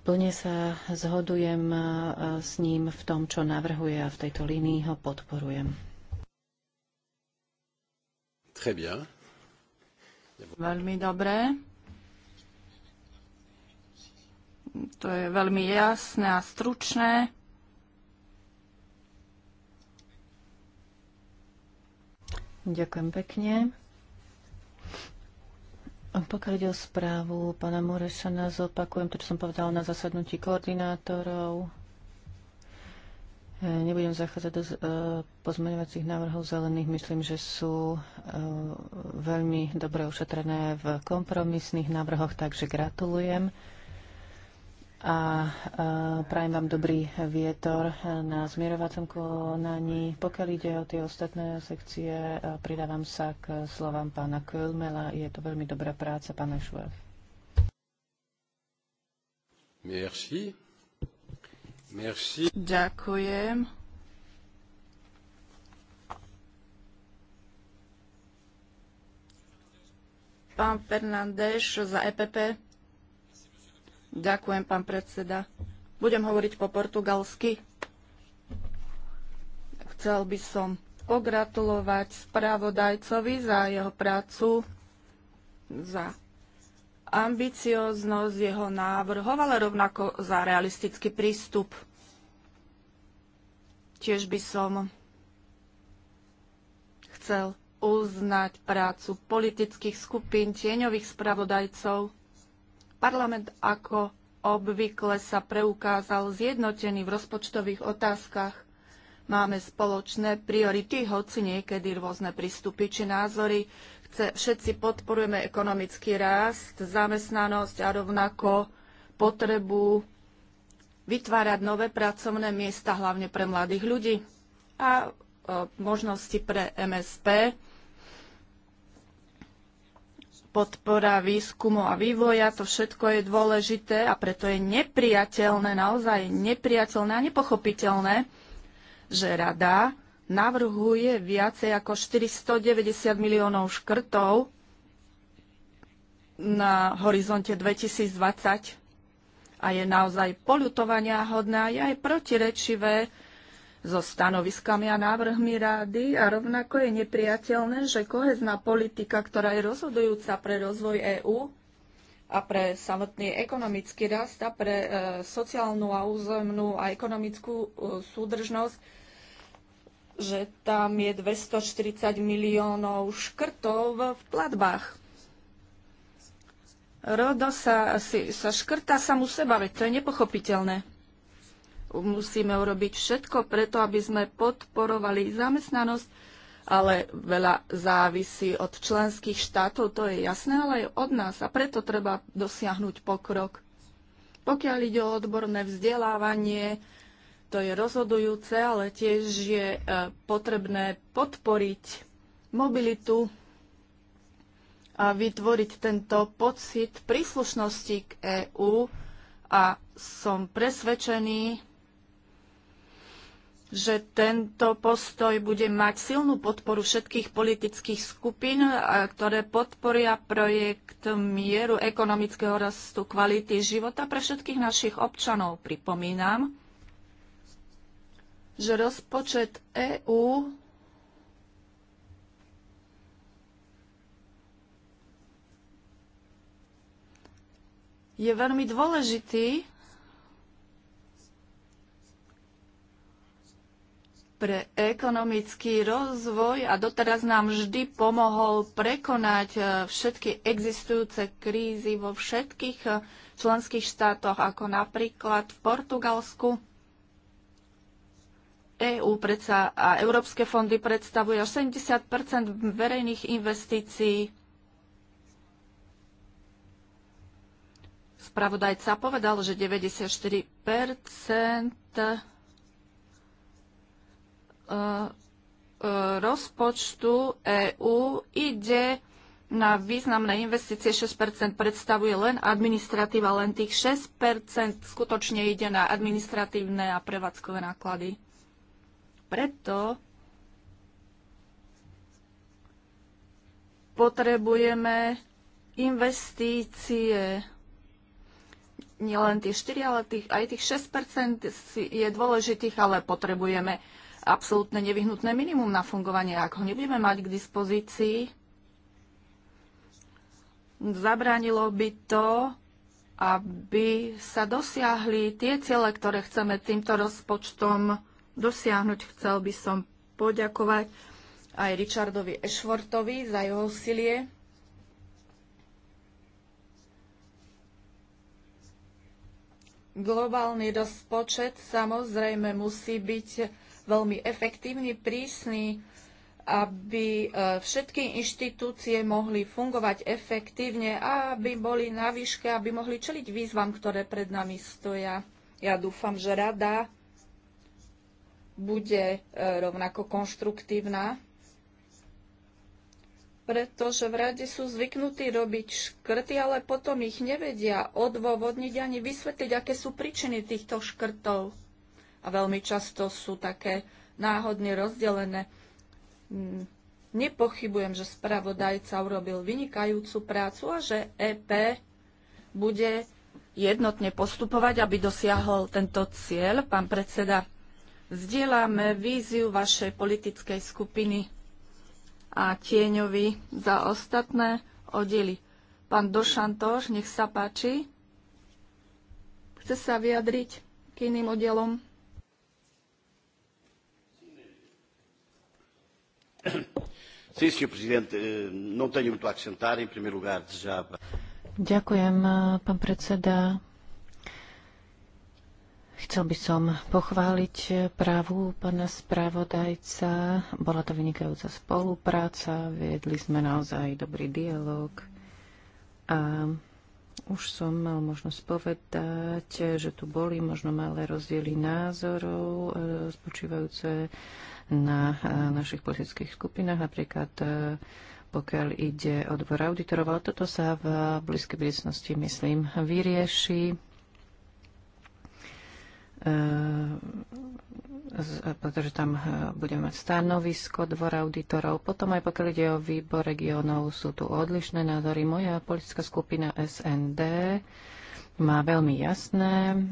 Plne sa zhodujem e, s ním v tom, čo navrhuje a v tejto línii ho podporujem. Très bien. Veľmi dobré. To je veľmi jasné a stručné. Ďakujem pekne. Pokiaľ ide o správu pána Murešana, zopakujem to, čo som povedala na zasadnutí koordinátorov. E, nebudem zachádzať do e, pozmeňovacích návrhov zelených. Myslím, že sú e, veľmi dobre ušetrené v kompromisných návrhoch, takže gratulujem a prajem vám dobrý vietor na zmierovacom konaní. Pokiaľ ide o tie ostatné sekcie, pridávam sa k slovám pána Kölmela. Je to veľmi dobrá práca, pána Šuev. Merci. Merci. Ďakujem. Pán Fernández za EPP. Ďakujem, pán predseda. Budem hovoriť po portugalsky. Chcel by som pogratulovať správodajcovi za jeho prácu, za ambicioznosť jeho návrhov, ale rovnako za realistický prístup. Tiež by som chcel uznať prácu politických skupín tieňových spravodajcov Parlament ako obvykle sa preukázal zjednotený v rozpočtových otázkach. Máme spoločné priority, hoci niekedy rôzne prístupy či názory. Chce, všetci podporujeme ekonomický rast, zamestnanosť a rovnako potrebu vytvárať nové pracovné miesta, hlavne pre mladých ľudí a e, možnosti pre MSP podpora výskumu a vývoja, to všetko je dôležité a preto je nepriateľné, naozaj nepriateľné a nepochopiteľné, že rada navrhuje viacej ako 490 miliónov škrtov na horizonte 2020 a je naozaj polutovania hodná, je aj protirečivé so stanoviskami a návrhmi rády a rovnako je nepriateľné, že kohezná politika, ktorá je rozhodujúca pre rozvoj EÚ a pre samotný ekonomický rast a pre e, sociálnu a územnú a ekonomickú e, súdržnosť, že tam je 240 miliónov škrtov v platbách. Rodo sa, si, sa škrta samu seba, veď to je nepochopiteľné musíme urobiť všetko preto, aby sme podporovali zamestnanosť, ale veľa závisí od členských štátov, to je jasné, ale aj od nás a preto treba dosiahnuť pokrok. Pokiaľ ide o odborné vzdelávanie, to je rozhodujúce, ale tiež je e, potrebné podporiť mobilitu a vytvoriť tento pocit príslušnosti k EÚ a som presvedčený, že tento postoj bude mať silnú podporu všetkých politických skupín, ktoré podporia projekt mieru ekonomického rastu kvality života pre všetkých našich občanov. Pripomínam, že rozpočet EÚ je veľmi dôležitý pre ekonomický rozvoj a doteraz nám vždy pomohol prekonať e, všetky existujúce krízy vo všetkých e, členských štátoch, ako napríklad v Portugalsku. EÚ predsa a európske fondy predstavujú 70 verejných investícií. Spravodajca povedal, že 94 E, rozpočtu EÚ ide na významné investície 6 predstavuje len administratíva, len tých 6 skutočne ide na administratívne a prevádzkové náklady. Preto potrebujeme investície nielen tie 4, ale tých, aj tých 6 je dôležitých, ale potrebujeme absolútne nevyhnutné minimum na fungovanie. Ak ho nebudeme mať k dispozícii, zabránilo by to, aby sa dosiahli tie ciele, ktoré chceme týmto rozpočtom dosiahnuť. Chcel by som poďakovať aj Richardovi Ešvortovi za jeho silie. Globálny rozpočet samozrejme musí byť veľmi efektívny, prísny, aby e, všetky inštitúcie mohli fungovať efektívne a aby boli na výške, aby mohli čeliť výzvam, ktoré pred nami stoja. Ja dúfam, že rada bude e, rovnako konštruktívna, pretože v rade sú zvyknutí robiť škrty, ale potom ich nevedia odôvodniť ani vysvetliť, aké sú príčiny týchto škrtov a veľmi často sú také náhodne rozdelené. Mm, nepochybujem, že spravodajca urobil vynikajúcu prácu a že EP bude jednotne postupovať, aby dosiahol tento cieľ. Pán predseda, zdieľame víziu vašej politickej skupiny a tieňovi za ostatné oddely. Pán Došantoš, nech sa páči. Chce sa vyjadriť k iným oddelom? Sim, presidente, não tenho muito a acrescentar. Em lugar, desejava... Ďakujem, pán predseda. Chcel by som pochváliť právu pána spravodajca, Bola to vynikajúca spolupráca, viedli sme naozaj dobrý dialog a už som mal možnosť povedať, že tu boli možno malé rozdiely názorov e, spočívajúce na eh, našich politických skupinách, napríklad eh, pokiaľ ide o dvor auditorov, ale toto sa v blízkej budúcnosti, myslím, vyrieši. Eh, pretože tam budeme mať stanovisko dvor auditorov. Potom aj pokiaľ ide o výbor regionov, sú tu odlišné názory. Moja politická skupina SND má veľmi jasné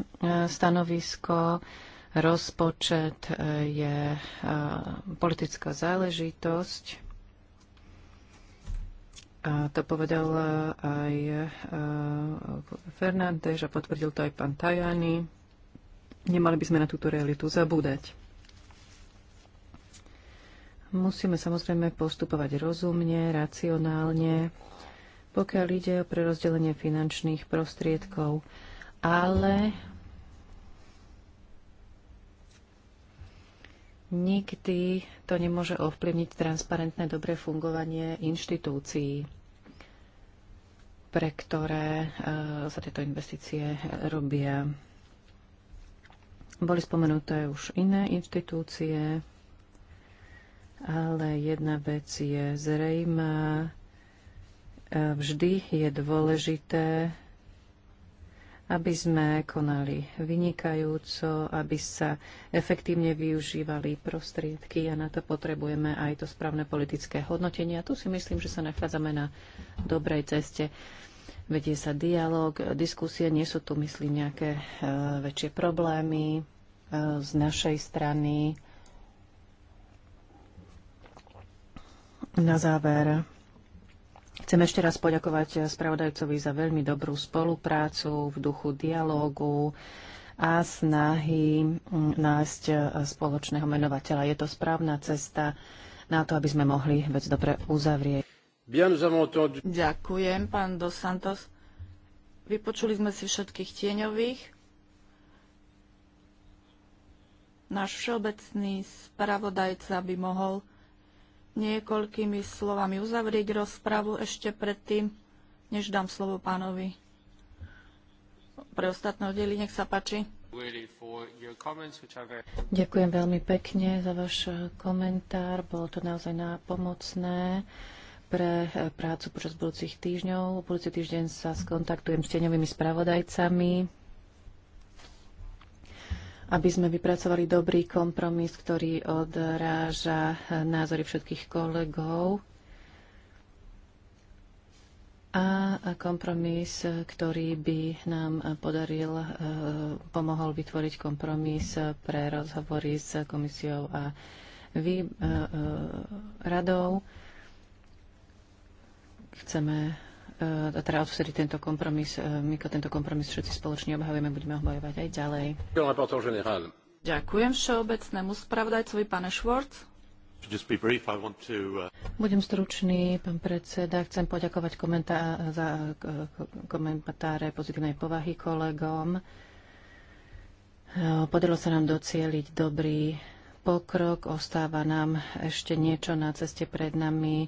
stanovisko Rozpočet e, je e, politická záležitosť. A to povedal e, aj Fernández a potvrdil to aj pán Tajani. Nemali by sme na túto realitu zabúdať. Musíme samozrejme postupovať rozumne, racionálne, pokiaľ ide o prerozdelenie finančných prostriedkov, ale nikdy to nemôže ovplyvniť transparentné dobré fungovanie inštitúcií, pre ktoré e, sa tieto investície robia. Boli spomenuté už iné inštitúcie, ale jedna vec je zrejmá. E, vždy je dôležité aby sme konali vynikajúco, aby sa efektívne využívali prostriedky a na to potrebujeme aj to správne politické hodnotenie. A tu si myslím, že sa nachádzame na dobrej ceste. Vedie sa dialog, diskusie, nie sú tu, myslím, nejaké e, väčšie problémy e, z našej strany. Na záver Chcem ešte raz poďakovať eh, spravodajcovi za veľmi dobrú spoluprácu v duchu dialógu a snahy mm, nájsť eh, spoločného menovateľa. Je to správna cesta na to, aby sme mohli vec dobre uzavrieť. Ďakujem, pán Dos Santos. Vypočuli sme si všetkých tieňových. Náš všeobecný spravodajca by mohol niekoľkými slovami uzavrieť rozpravu ešte predtým, než dám slovo pánovi pre ostatné oddeli. Nech sa páči. Ďakujem veľmi pekne za váš komentár. Bolo to naozaj nápomocné pre prácu počas budúcich týždňov. Budúci týždeň sa skontaktujem s teňovými spravodajcami aby sme vypracovali dobrý kompromis, ktorý odráža názory všetkých kolegov a kompromis, ktorý by nám podaril, e, pomohol vytvoriť kompromis pre rozhovory s komisiou a vy, e, e, radou. Chceme E, teda odvtedy tento kompromis, e, my tento kompromis všetci spoločne obhajujeme, budeme obhajovať aj ďalej. Ďakujem všeobecnému spravodajcovi, pane Schwartz. Uh, Budem stručný, pán predseda. Chcem poďakovať komentá- za komentáre pozitívnej povahy kolegom. E, podarilo sa nám docieliť dobrý pokrok. Ostáva nám ešte niečo na ceste pred nami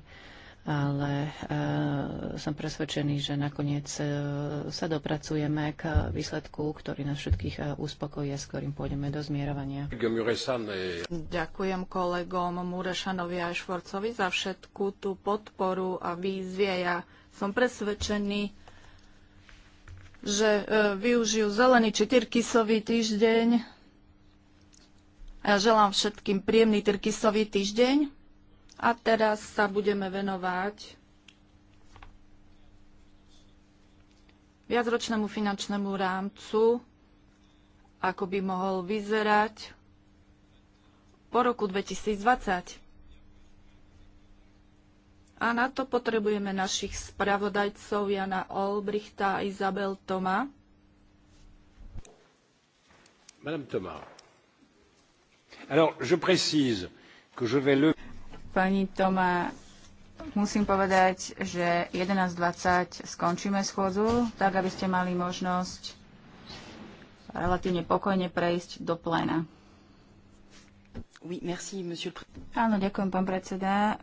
ale eh, som presvedčený, že nakoniec eh, sa dopracujeme k výsledku, ktorý nás všetkých eh, uspokojí a s ktorým pôjdeme do zmierovania. Ďakujem kolegom Murešanovi a Švorcovi za všetku tú podporu a výzvie. Ja som presvedčený, že využijú zelený či týždeň. A ja želám všetkým príjemný tyrkisový týždeň a teraz sa budeme venovať viacročnému finančnému rámcu, ako by mohol vyzerať po roku 2020. A na to potrebujeme našich spravodajcov Jana Olbrichta a Izabel Toma. Madame Thomas. Alors, je précise que je vais le... Pani Toma, musím povedať, že 11.20 skončíme schôdzu, tak aby ste mali možnosť relatívne pokojne prejsť do pléna. Oui, merci, monsieur... Áno, ďakujem, pán predseda.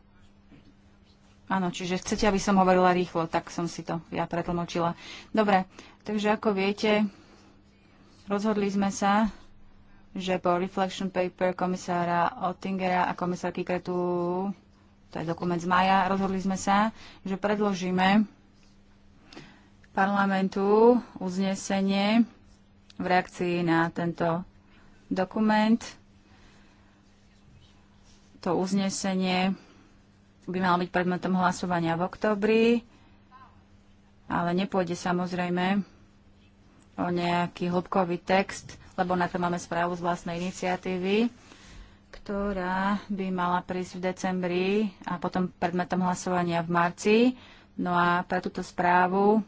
Áno, čiže chcete, aby som hovorila rýchlo, tak som si to ja pretlmočila. Dobre, takže ako viete, rozhodli sme sa, že po reflection paper komisára Ottingera a komisárky Kretu, to je dokument z maja, rozhodli sme sa, že predložíme parlamentu uznesenie v reakcii na tento dokument. To uznesenie by malo byť predmetom hlasovania v oktobri, ale nepôjde samozrejme o nejaký hĺbkový text, lebo na to máme správu z vlastnej iniciatívy, ktorá by mala prísť v decembri a potom predmetom hlasovania v marci. No a pre túto správu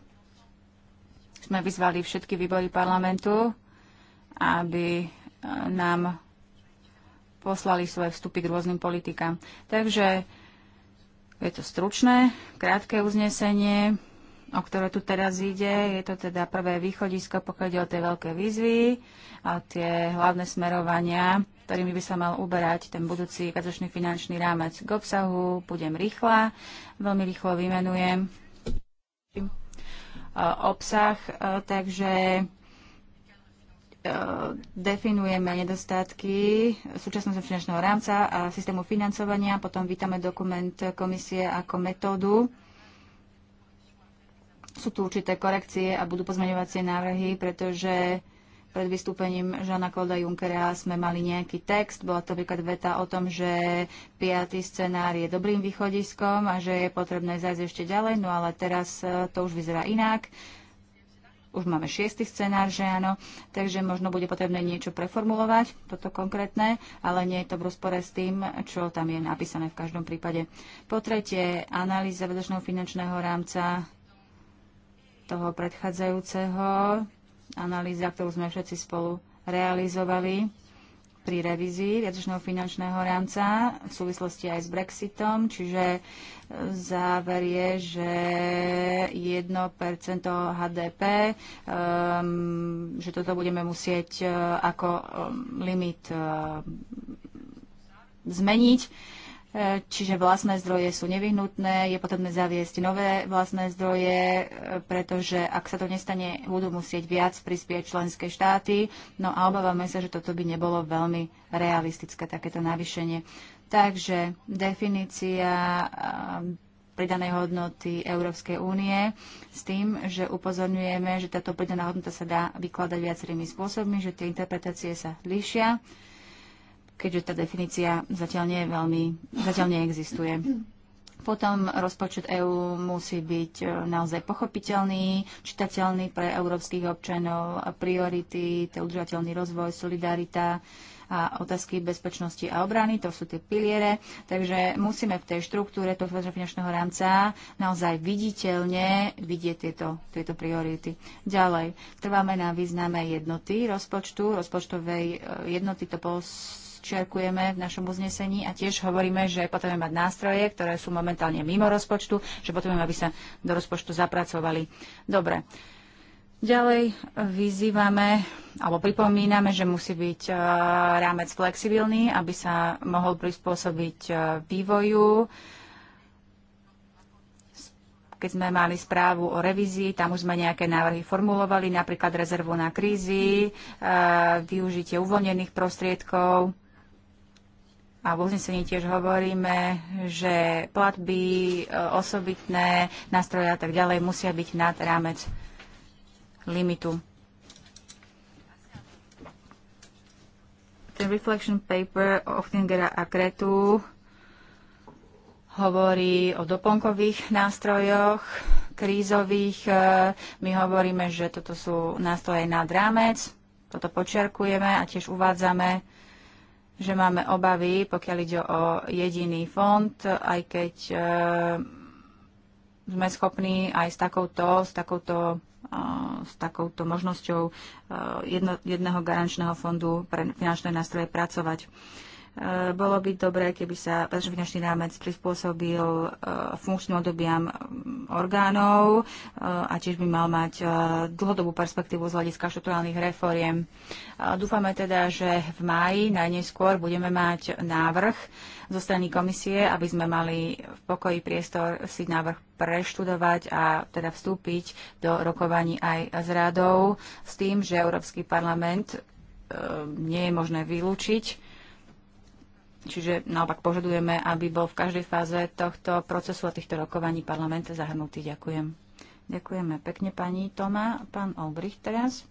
sme vyzvali všetky výbory parlamentu, aby e, nám poslali svoje vstupy k rôznym politikám. Takže je to stručné, krátke uznesenie o ktoré tu teraz ide. Je to teda prvé východisko, pokiaľ ide o tie veľké výzvy a tie hlavné smerovania, ktorými by sa mal uberať ten budúci kazočný finančný rámec k obsahu. Budem rýchla, veľmi rýchlo vymenujem e, obsah, e, takže e, definujeme nedostatky súčasného finančného rámca a systému financovania, potom vítame dokument komisie ako metódu sú tu určité korekcie a budú pozmeňovacie návrhy, pretože pred vystúpením Žana Kolda Junckera sme mali nejaký text, bola to napríklad veta o tom, že piatý scenár je dobrým východiskom a že je potrebné zajsť ešte ďalej, no ale teraz e, to už vyzerá inak. Už máme šiestý scenár, že áno, takže možno bude potrebné niečo preformulovať, toto konkrétne, ale nie je to v rozpore s tým, čo tam je napísané v každom prípade. Po tretie, analýza vedočného finančného rámca toho predchádzajúceho, analýza, ktorú sme všetci spolu realizovali pri revízii viacečného finančného rámca v súvislosti aj s Brexitom, čiže e, záver je, že 1% HDP, um, že toto budeme musieť uh, ako um, limit uh, zmeniť E, čiže vlastné zdroje sú nevyhnutné, je potrebné zaviesť nové vlastné zdroje, e, pretože ak sa to nestane, budú musieť viac prispieť členské štáty, no a obávame sa, že toto by nebolo veľmi realistické, takéto navýšenie. Takže definícia e, pridanej hodnoty Európskej únie s tým, že upozorňujeme, že táto pridaná hodnota sa dá vykladať viacerými spôsobmi, že tie interpretácie sa líšia keďže tá definícia zatiaľ nie je veľmi, zatiaľ neexistuje. Potom rozpočet EÚ musí byť e, naozaj pochopiteľný, čitateľný pre európskych občanov, priority, to udržateľný rozvoj, solidarita a otázky bezpečnosti a obrany, to sú tie piliere. Takže musíme v tej štruktúre toho finančného rámca naozaj viditeľne vidieť tieto, tieto priority. Ďalej, trváme na význame jednoty rozpočtu, rozpočtovej e, jednoty, to pos podčiarkujeme v našom uznesení a tiež hovoríme, že potrebujeme mať nástroje, ktoré sú momentálne mimo rozpočtu, že potrebujeme, aby sa do rozpočtu zapracovali. Dobre. Ďalej vyzývame alebo pripomíname, že musí byť e, rámec flexibilný, aby sa mohol prispôsobiť e, vývoju keď sme mali správu o revízii, tam už sme nejaké návrhy formulovali, napríklad rezervu na krízy, e, využitie uvoľnených prostriedkov a v uznesení tiež hovoríme, že platby, e, osobitné nástroje a tak ďalej musia byť nad rámec limitu. Ten reflection paper Ochtingera a Kretu hovorí o doplnkových nástrojoch, krízových. E, my hovoríme, že toto sú nástroje nad rámec, toto počiarkujeme a tiež uvádzame, že máme obavy, pokiaľ ide o jediný fond, aj keď e, sme schopní aj s takouto, s takouto, e, s takouto možnosťou e, jedno, jedného garančného fondu pre finančné nástroje pracovať. E, bolo by dobré, keby sa pretože finančný rámec prispôsobil e, funkčným obdobiam orgánov e, a tiež by mal mať e, dlhodobú perspektívu z hľadiska štruktúrálnych reforiem. Dúfame teda, že v máji najneskôr budeme mať návrh zo strany komisie, aby sme mali v pokoji priestor si návrh preštudovať a teda vstúpiť do rokovaní aj s radou s tým, že Európsky parlament nie je možné vylúčiť, Čiže naopak požadujeme, aby bol v každej fáze tohto procesu a týchto rokovaní parlament zahrnutý. Ďakujem. Ďakujeme pekne pani Toma. Pán Olbrich teraz.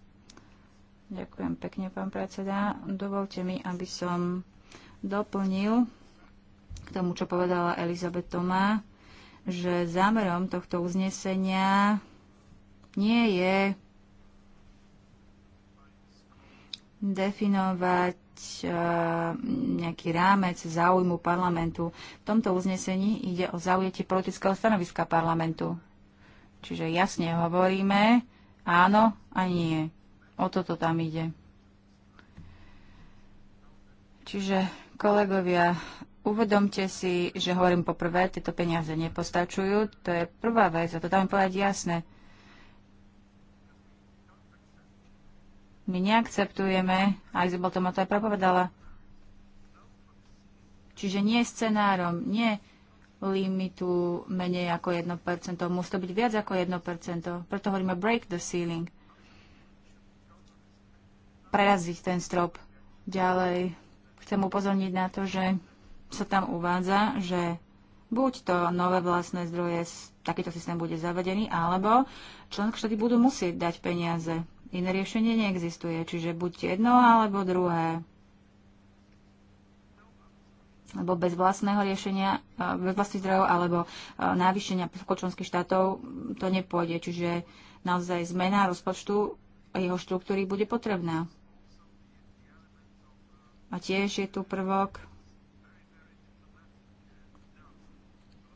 Ďakujem pekne, pán predseda. Dovolte mi, aby som doplnil k tomu, čo povedala Elizabeth Toma, že zámerom tohto uznesenia nie je definovať Eh, nejaký rámec záujmu parlamentu. V tomto uznesení ide o zaujatie politického stanoviska parlamentu. Čiže jasne hovoríme áno a nie. O toto tam ide. Čiže, kolegovia, uvedomte si, že hovorím poprvé, tieto peniaze nepostačujú. To je prvá vec a to tam povedať jasné my neakceptujeme, a Izabel to ma to aj prepovedala. Čiže nie scenárom, nie limitu menej ako 1%. Musí to byť viac ako 1%. Preto hovoríme break the ceiling. Preraziť ten strop. Ďalej chcem upozorniť na to, že sa tam uvádza, že buď to nové vlastné zdroje, takýto systém bude zavedený, alebo členské štáty budú musieť dať peniaze Iné riešenie neexistuje, čiže buď jedno alebo druhé. Lebo bez vlastného riešenia, eh, bez vlastných zdrojov alebo eh, návyšenia členských štátov to nepôjde. Čiže naozaj zmena rozpočtu a jeho štruktúry bude potrebná. A tiež je tu prvok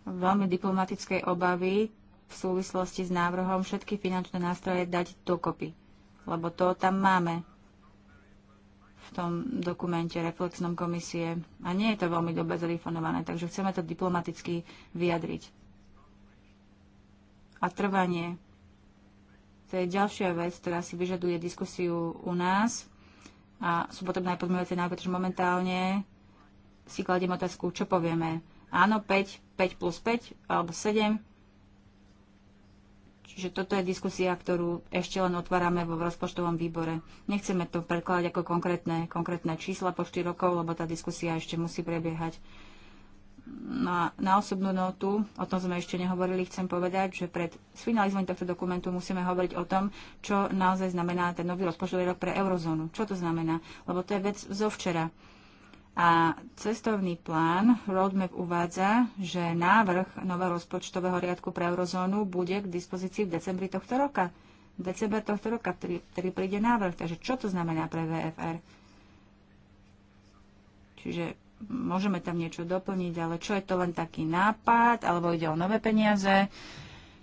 veľmi diplomatickej obavy v súvislosti s návrhom všetky finančné nástroje dať dokopy lebo to tam máme v tom dokumente reflexnom komisie a nie je to veľmi dobre zrefonované, takže chceme to diplomaticky vyjadriť. A trvanie. To je ďalšia vec, ktorá si vyžaduje diskusiu u nás a sú potrebné aj podmienujúce návrhy, pretože momentálne si kladiem otázku, čo povieme. Áno, 5, 5 plus 5 alebo 7, Čiže toto je diskusia, ktorú ešte len otvárame vo rozpočtovom výbore. Nechceme to predkladať ako konkrétne, konkrétne čísla po 4 rokov, lebo tá diskusia ešte musí prebiehať. Na, na osobnú notu, o tom sme ešte nehovorili, chcem povedať, že pred finalizmom tohto dokumentu musíme hovoriť o tom, čo naozaj znamená ten nový rozpočtový rok pre eurozónu. Čo to znamená? Lebo to je vec zo včera. A cestovný plán Roadmap uvádza, že návrh nového rozpočtového riadku pre eurozónu bude k dispozícii v decembri tohto roka. V december tohto roka, ktorý, ktorý príde návrh. Takže čo to znamená pre VFR? Čiže môžeme tam niečo doplniť, ale čo je to len taký nápad, alebo ide o nové peniaze,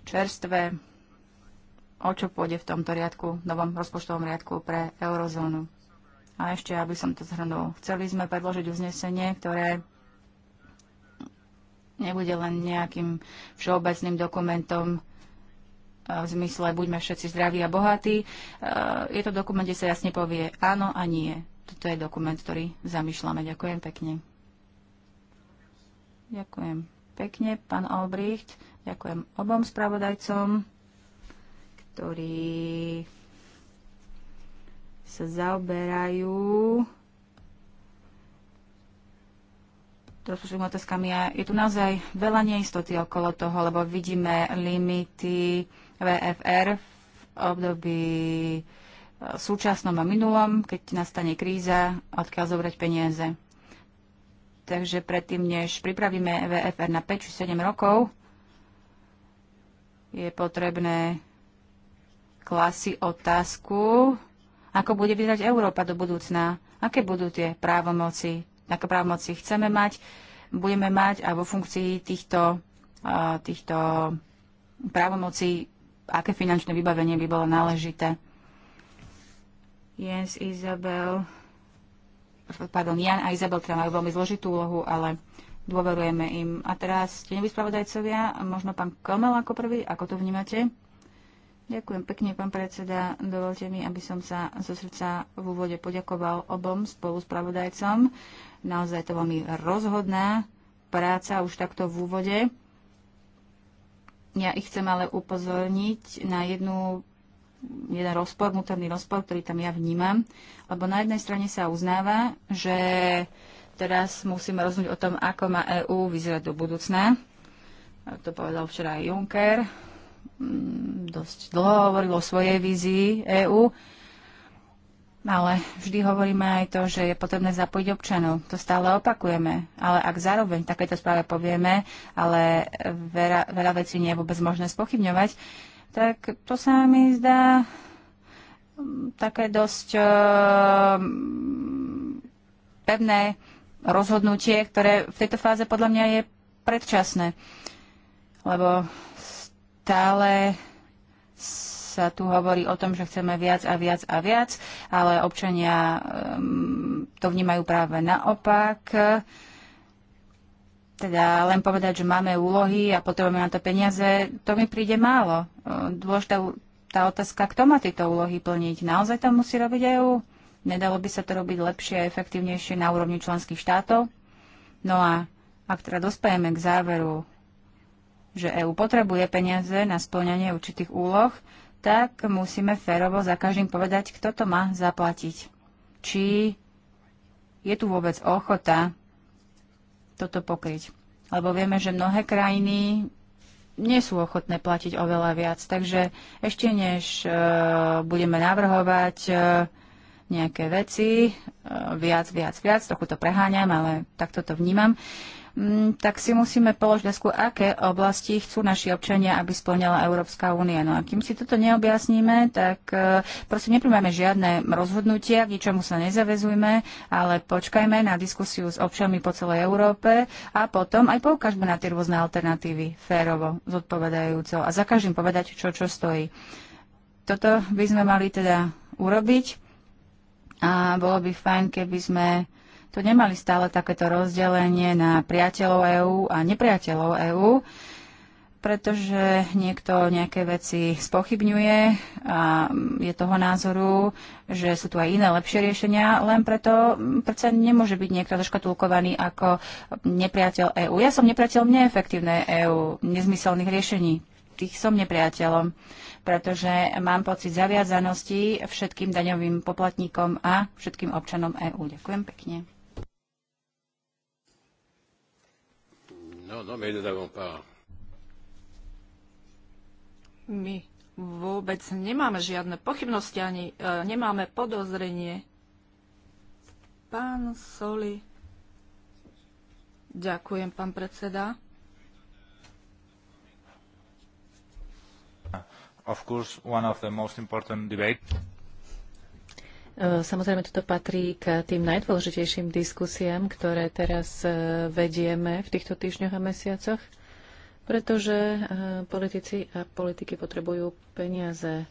čerstvé, o čo pôjde v tomto riadku, novom rozpočtovom riadku pre eurozónu. A ešte, aby som to zhrnul, chceli sme predložiť uznesenie, ktoré nebude len nejakým všeobecným dokumentom e, v zmysle buďme všetci zdraví a bohatí. E, je to dokument, kde sa jasne povie áno a nie. Toto je dokument, ktorý zamýšľame. Ďakujem pekne. Ďakujem pekne, pán Albricht. Ďakujem obom spravodajcom, ktorí sa zaoberajú rozpočtovými otázkami je tu naozaj veľa neistoty okolo toho, lebo vidíme limity VFR v období e, súčasnom a minulom, keď nastane kríza, odkiaľ zobrať peniaze. Takže predtým, než pripravíme VFR na 5 či 7 rokov, je potrebné klasi otázku ako bude vyzerať Európa do budúcna? Aké budú tie právomoci? Aké právomoci chceme mať? Budeme mať a vo funkcii týchto, týchto právomoci, aké finančné vybavenie by bolo náležité? Jens, Izabel, pardon, Jan a Izabel teda majú veľmi zložitú úlohu, ale dôverujeme im. A teraz, tie spravodajcovia, možno pán Komel ako prvý, ako to vnímate? Ďakujem pekne, pán predseda. Dovolte mi, aby som sa zo srdca v úvode poďakoval obom spoluspravodajcom. Naozaj to veľmi rozhodná práca už takto v úvode. Ja ich chcem ale upozorniť na jednu, jeden rozpor, vnútorný rozpor, ktorý tam ja vnímam. Lebo na jednej strane sa uznáva, že teraz musíme rozhodnúť o tom, ako má EÚ vyzerať do budúcna. To povedal včera aj Juncker Mm, dosť dlho hovoril o svojej vízii EÚ, ale vždy hovoríme aj to, že je potrebné zapojiť občanov. To stále opakujeme. Ale ak zároveň takéto správe povieme, ale veľa, veľa vecí nie je vôbec možné spochybňovať, tak to sa mi zdá mm, také dosť uh, pevné rozhodnutie, ktoré v tejto fáze podľa mňa je predčasné. Lebo Stále sa tu hovorí o tom, že chceme viac a viac a viac, ale občania um, to vnímajú práve naopak. Teda len povedať, že máme úlohy a potrebujeme na to peniaze, to mi príde málo. Dôležitá tá otázka, kto má tieto úlohy plniť. Naozaj to musí robiť EU? Nedalo by sa to robiť lepšie a efektívnejšie na úrovni členských štátov? No a ak teda dospajeme k záveru, že EÚ potrebuje peniaze na splňanie určitých úloh, tak musíme férovo za každým povedať, kto to má zaplatiť. Či je tu vôbec ochota toto pokryť. Lebo vieme, že mnohé krajiny nie sú ochotné platiť oveľa viac. Takže ešte než e, budeme navrhovať e, nejaké veci, e, viac, viac, viac, trochu to preháňam, ale takto to vnímam, Mm, tak si musíme položiť otázku, aké oblasti chcú naši občania, aby splňala Európska únia. No a kým si toto neobjasníme, tak e, prosím, neprimáme žiadne rozhodnutia, k ničomu sa nezavezujme, ale počkajme na diskusiu s občanmi po celej Európe a potom aj poukážme na tie rôzne alternatívy férovo, zodpovedajúco a za každým povedať, čo čo stojí. Toto by sme mali teda urobiť a bolo by fajn, keby sme tu nemali stále takéto rozdelenie na priateľov EÚ a nepriateľov EÚ, pretože niekto nejaké veci spochybňuje a je toho názoru, že sú tu aj iné lepšie riešenia, len preto predsa nemôže byť niekto zaškatulkovaný ako nepriateľ EÚ. Ja som nepriateľ neefektívnej EÚ, nezmyselných riešení. Tých som nepriateľom, pretože mám pocit zaviazanosti všetkým daňovým poplatníkom a všetkým občanom EÚ. Ďakujem pekne. Non, non, mais nous n'avons pas. My vôbec nemáme žiadne pochybnosti ani e, nemáme podozrenie. Pán Soli. Ďakujem, pán predseda. Of course, one of the most important debate. E, samozrejme, toto patrí k tým najdôležitejším diskusiám, ktoré teraz e, vedieme v týchto týždňoch a mesiacoch, pretože e, politici a politiky potrebujú peniaze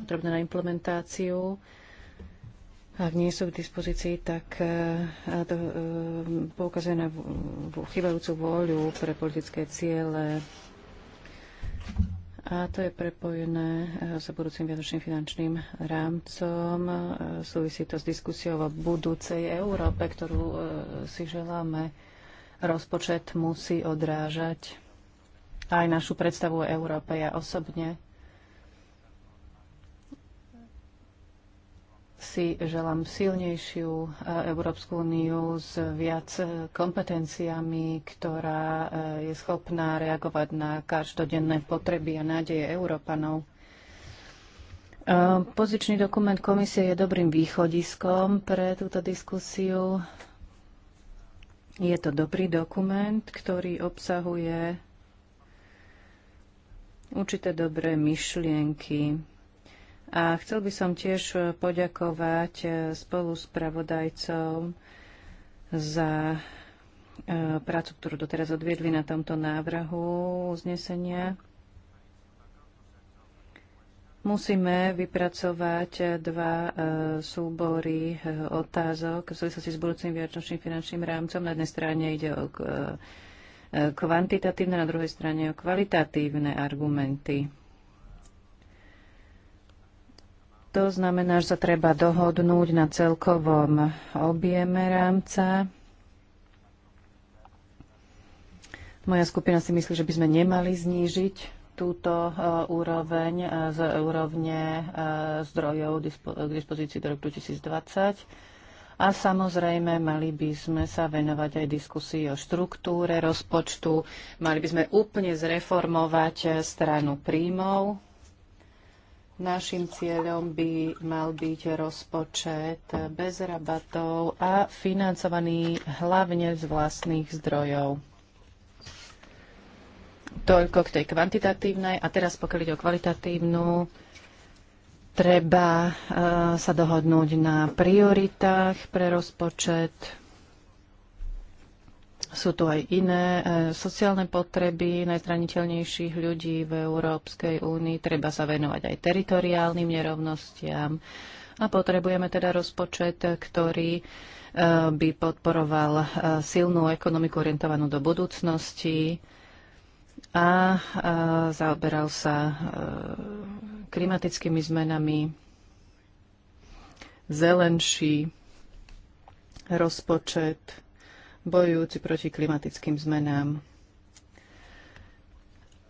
potrebné na implementáciu. Ak nie sú k dispozícii, tak to poukazuje na chybajúcu vôľu pre politické ciele a to je prepojené e, s budúcim vianočným finančným rámcom. E, súvisí to s diskusiou o budúcej Európe, ktorú e, si želáme. Rozpočet musí odrážať aj našu predstavu o Európe. Ja osobne si želám silnejšiu e, Európsku úniu s viac e, kompetenciami, ktorá e, je schopná reagovať na každodenné potreby a nádeje Európanov. Pozičný dokument komisie je dobrým východiskom pre túto diskusiu. Je to dobrý dokument, ktorý obsahuje určité dobré myšlienky a chcel by som tiež poďakovať e, spolu s pravodajcom za e, prácu, ktorú doteraz odviedli na tomto návrhu uznesenia. Musíme vypracovať e, dva súbory otázok v súvislosti s budúcim viacročným finančným rámcom. Na jednej strane ide o kvantitatívne, na druhej strane o kvalitatívne argumenty. To znamená, že sa treba dohodnúť na celkovom objeme rámca. Moja skupina si myslí, že by sme nemali znížiť túto e, úroveň e, z úrovne e, zdrojov k dispozícii do roku 2020. A samozrejme, mali by sme sa venovať aj diskusii o štruktúre rozpočtu, mali by sme úplne zreformovať stranu príjmov, Našim cieľom by mal byť rozpočet bez rabatov a financovaný hlavne z vlastných zdrojov. Toľko k tej kvantitatívnej. A teraz pokiaľ ide o kvalitatívnu, treba eh, sa dohodnúť na prioritách pre rozpočet sú tu aj iné e, sociálne potreby najzraniteľnejších ľudí v Európskej únii. Treba sa venovať aj teritoriálnym nerovnostiam. A potrebujeme teda rozpočet, ktorý e, by podporoval e, silnú ekonomiku orientovanú do budúcnosti a e, zaoberal sa e, klimatickými zmenami, zelenší rozpočet bojujúci proti klimatickým zmenám.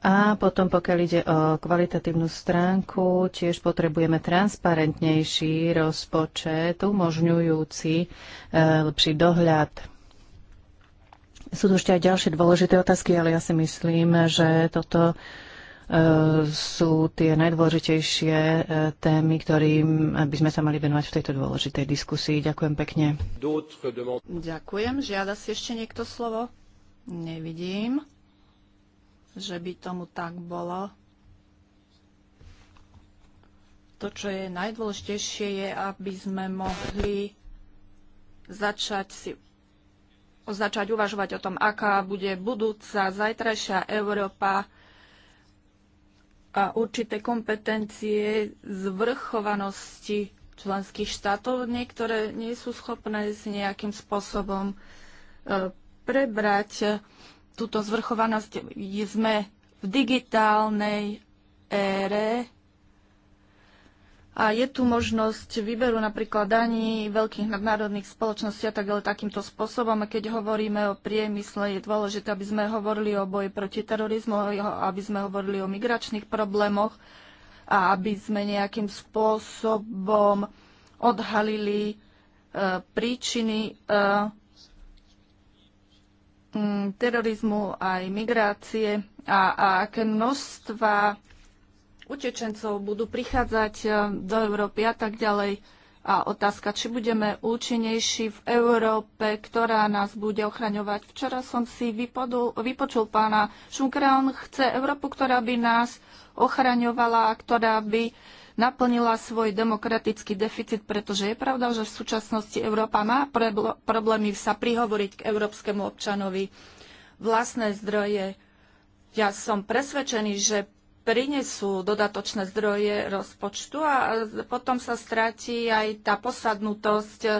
A potom, pokiaľ ide o kvalitatívnu stránku, tiež potrebujeme transparentnejší rozpočet, umožňujúci e, lepší dohľad. Sú tu ešte aj ďalšie dôležité otázky, ale ja si myslím, že toto E, sú tie najdôležitejšie e, témy, ktorým e, by sme sa mali venovať v tejto dôležitej diskusii. Ďakujem pekne. Ďakujem. Žiada si ešte niekto slovo? Nevidím, že by tomu tak bolo. To, čo je najdôležitejšie, je, aby sme mohli začať si začať uvažovať o tom, aká bude budúca, zajtrajšia Európa, a určité kompetencie zvrchovanosti členských štátov, niektoré nie sú schopné s nejakým spôsobom e, prebrať e, túto zvrchovanosť. Sme v digitálnej ére a je tu možnosť výberu napríklad daní veľkých nadnárodných spoločností a tak ale takýmto spôsobom. A keď hovoríme o priemysle, je dôležité, aby sme hovorili o boji proti terorizmu, aby sme hovorili o migračných problémoch a aby sme nejakým spôsobom odhalili e, príčiny e, terorizmu aj migrácie a, a aké množstva utečencov budú prichádzať e, do Európy a tak ďalej. A otázka, či budeme účinnejší v Európe, ktorá nás bude ochraňovať. Včera som si vypodul, vypočul pána Šunkera, on chce Európu, ktorá by nás ochraňovala, ktorá by naplnila svoj demokratický deficit, pretože je pravda, že v súčasnosti Európa má problémy sa prihovoriť k európskemu občanovi vlastné zdroje. Ja som presvedčený, že prinesú dodatočné zdroje rozpočtu a potom sa stratí aj tá posadnutosť e,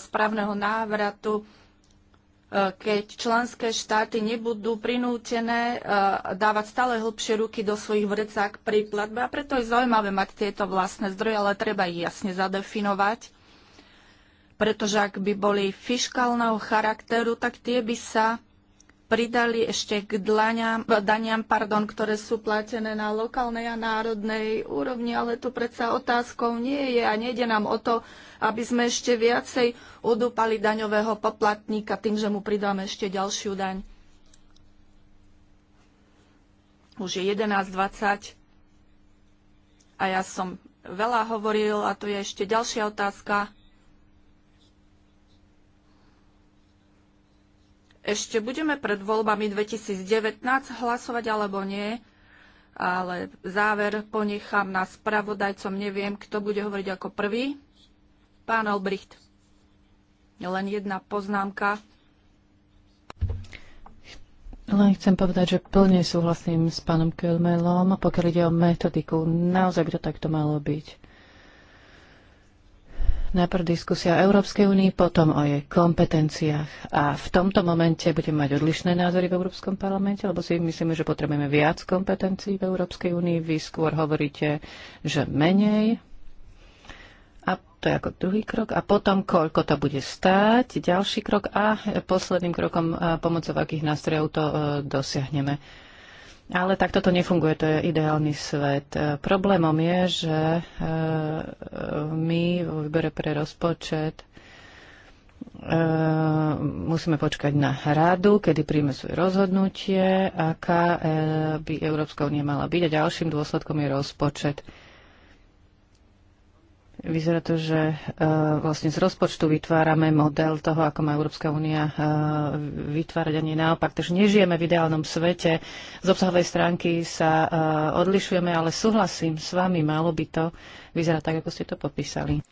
správneho návratu, e, keď členské štáty nebudú prinútené e, dávať stále hlbšie ruky do svojich vrecák pri platbe. A preto je zaujímavé mať tieto vlastné zdroje, ale treba ich jasne zadefinovať, pretože ak by boli fiškálneho charakteru, tak tie by sa pridali ešte k dlaňam, daniam, pardon, ktoré sú platené na lokálnej a národnej úrovni, ale to predsa otázkou nie je a nejde nám o to, aby sme ešte viacej udúpali daňového poplatníka tým, že mu pridáme ešte ďalšiu daň. Už je 11.20 a ja som veľa hovoril a tu je ešte ďalšia otázka. ešte budeme pred voľbami 2019 hlasovať alebo nie, ale záver ponechám na spravodajcom. Neviem, kto bude hovoriť ako prvý. Pán Albricht, len jedna poznámka. Len chcem povedať, že plne súhlasím s pánom Kelmelom, pokiaľ ide o metodiku. Naozaj by to takto malo byť. Najprv diskusia o Európskej únii, potom o jej kompetenciách. A v tomto momente budeme mať odlišné názory v Európskom parlamente, lebo si myslíme, že potrebujeme viac kompetencií v Európskej únii. Vy skôr hovoríte, že menej. A to je ako druhý krok. A potom, koľko to bude stáť, ďalší krok. A posledným krokom, pomocou akých nástrojov to e, dosiahneme. Ale takto to nefunguje, to je ideálny svet. E, problémom je, že e, my vo výbere pre rozpočet e, musíme počkať na radu, kedy príjme svoje rozhodnutie, aká by Európska únia mala byť. A ďalším dôsledkom je rozpočet. Vyzerá to, že e, vlastne z rozpočtu vytvárame model toho, ako má Európska únia e, vytvárať a nie naopak. Takže nežijeme v ideálnom svete. Z obsahovej stránky sa e, odlišujeme, ale súhlasím s vami, malo by to vyzerať tak, ako ste to popísali.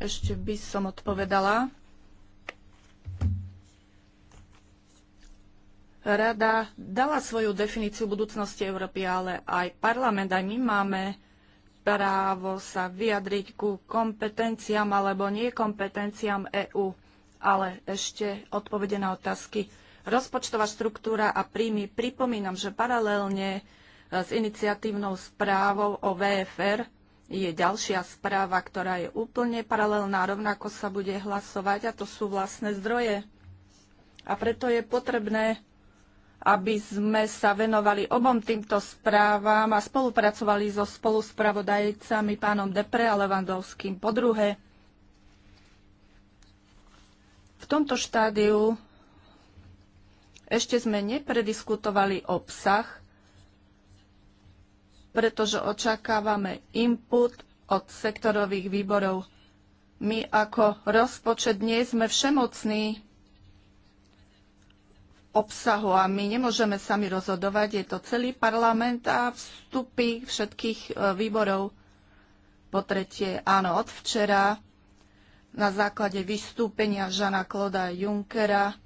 Ešte by som odpovedala. Rada dala svoju definíciu budúcnosti Európy, ale aj parlament, aj my máme právo sa vyjadriť ku kompetenciám alebo niekompetenciám EÚ. Ale ešte odpovede na otázky. Rozpočtová štruktúra a príjmy. Pripomínam, že paralelne e, s iniciatívnou správou o VFR je ďalšia správa, ktorá je úplne paralelná, rovnako sa bude hlasovať a to sú vlastné zdroje. A preto je potrebné aby sme sa venovali obom týmto správam a spolupracovali so spoluspravodajcami pánom Depre a Levandovským. Po druhé, v tomto štádiu ešte sme neprediskutovali obsah, pretože očakávame input od sektorových výborov. My ako rozpočet nie sme všemocní, obsahu a my nemôžeme sami rozhodovať. Je to celý parlament a vstupy všetkých e, výborov. Po tretie, áno, od včera na základe vystúpenia Žana Kloda Junckera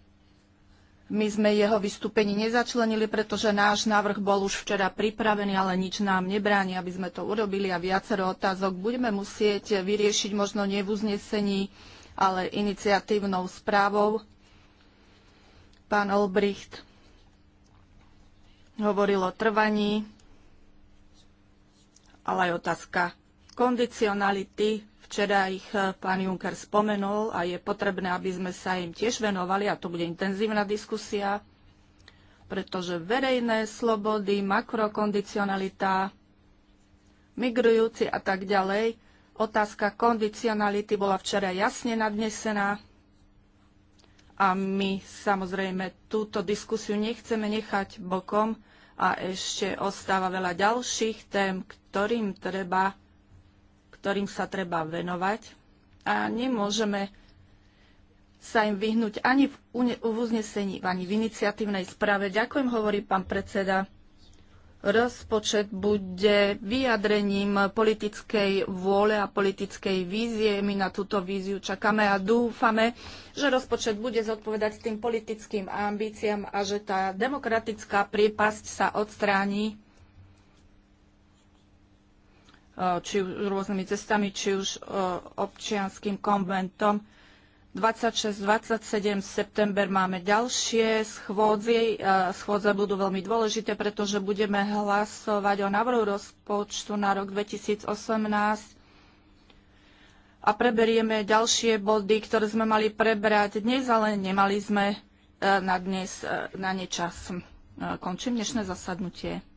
my sme jeho vystúpenie nezačlenili, pretože náš návrh bol už včera pripravený, ale nič nám nebráni, aby sme to urobili a viacero otázok budeme musieť vyriešiť možno nie v uznesení, ale iniciatívnou správou Pán Olbricht hovoril o trvaní, ale aj otázka kondicionality. Včera ich eh, pán Juncker spomenul a je potrebné, aby sme sa im tiež venovali a to bude intenzívna diskusia, pretože verejné slobody, makrokondicionalita, migrujúci a tak ďalej, otázka kondicionality bola včera jasne nadnesená a my samozrejme túto diskusiu nechceme nechať bokom a ešte ostáva veľa ďalších tém, ktorým, treba, ktorým sa treba venovať. A nemôžeme sa im vyhnúť ani v, uznesení, ani v iniciatívnej správe. Ďakujem, hovorí pán predseda. Rozpočet bude vyjadrením politickej vôle a politickej vízie. My na túto víziu čakáme a dúfame, že rozpočet bude zodpovedať tým politickým ambíciám a že tá demokratická priepasť sa odstráni eh, či už rôznymi cestami, či už eh, občianským konventom. 26-27 september máme ďalšie schôdze. E, schôdze budú veľmi dôležité, pretože budeme hlasovať o návrhu rozpočtu na rok 2018 a preberieme ďalšie body, ktoré sme mali prebrať dnes, ale nemali sme e, na dnes e, na ne čas. Končím dnešné zasadnutie.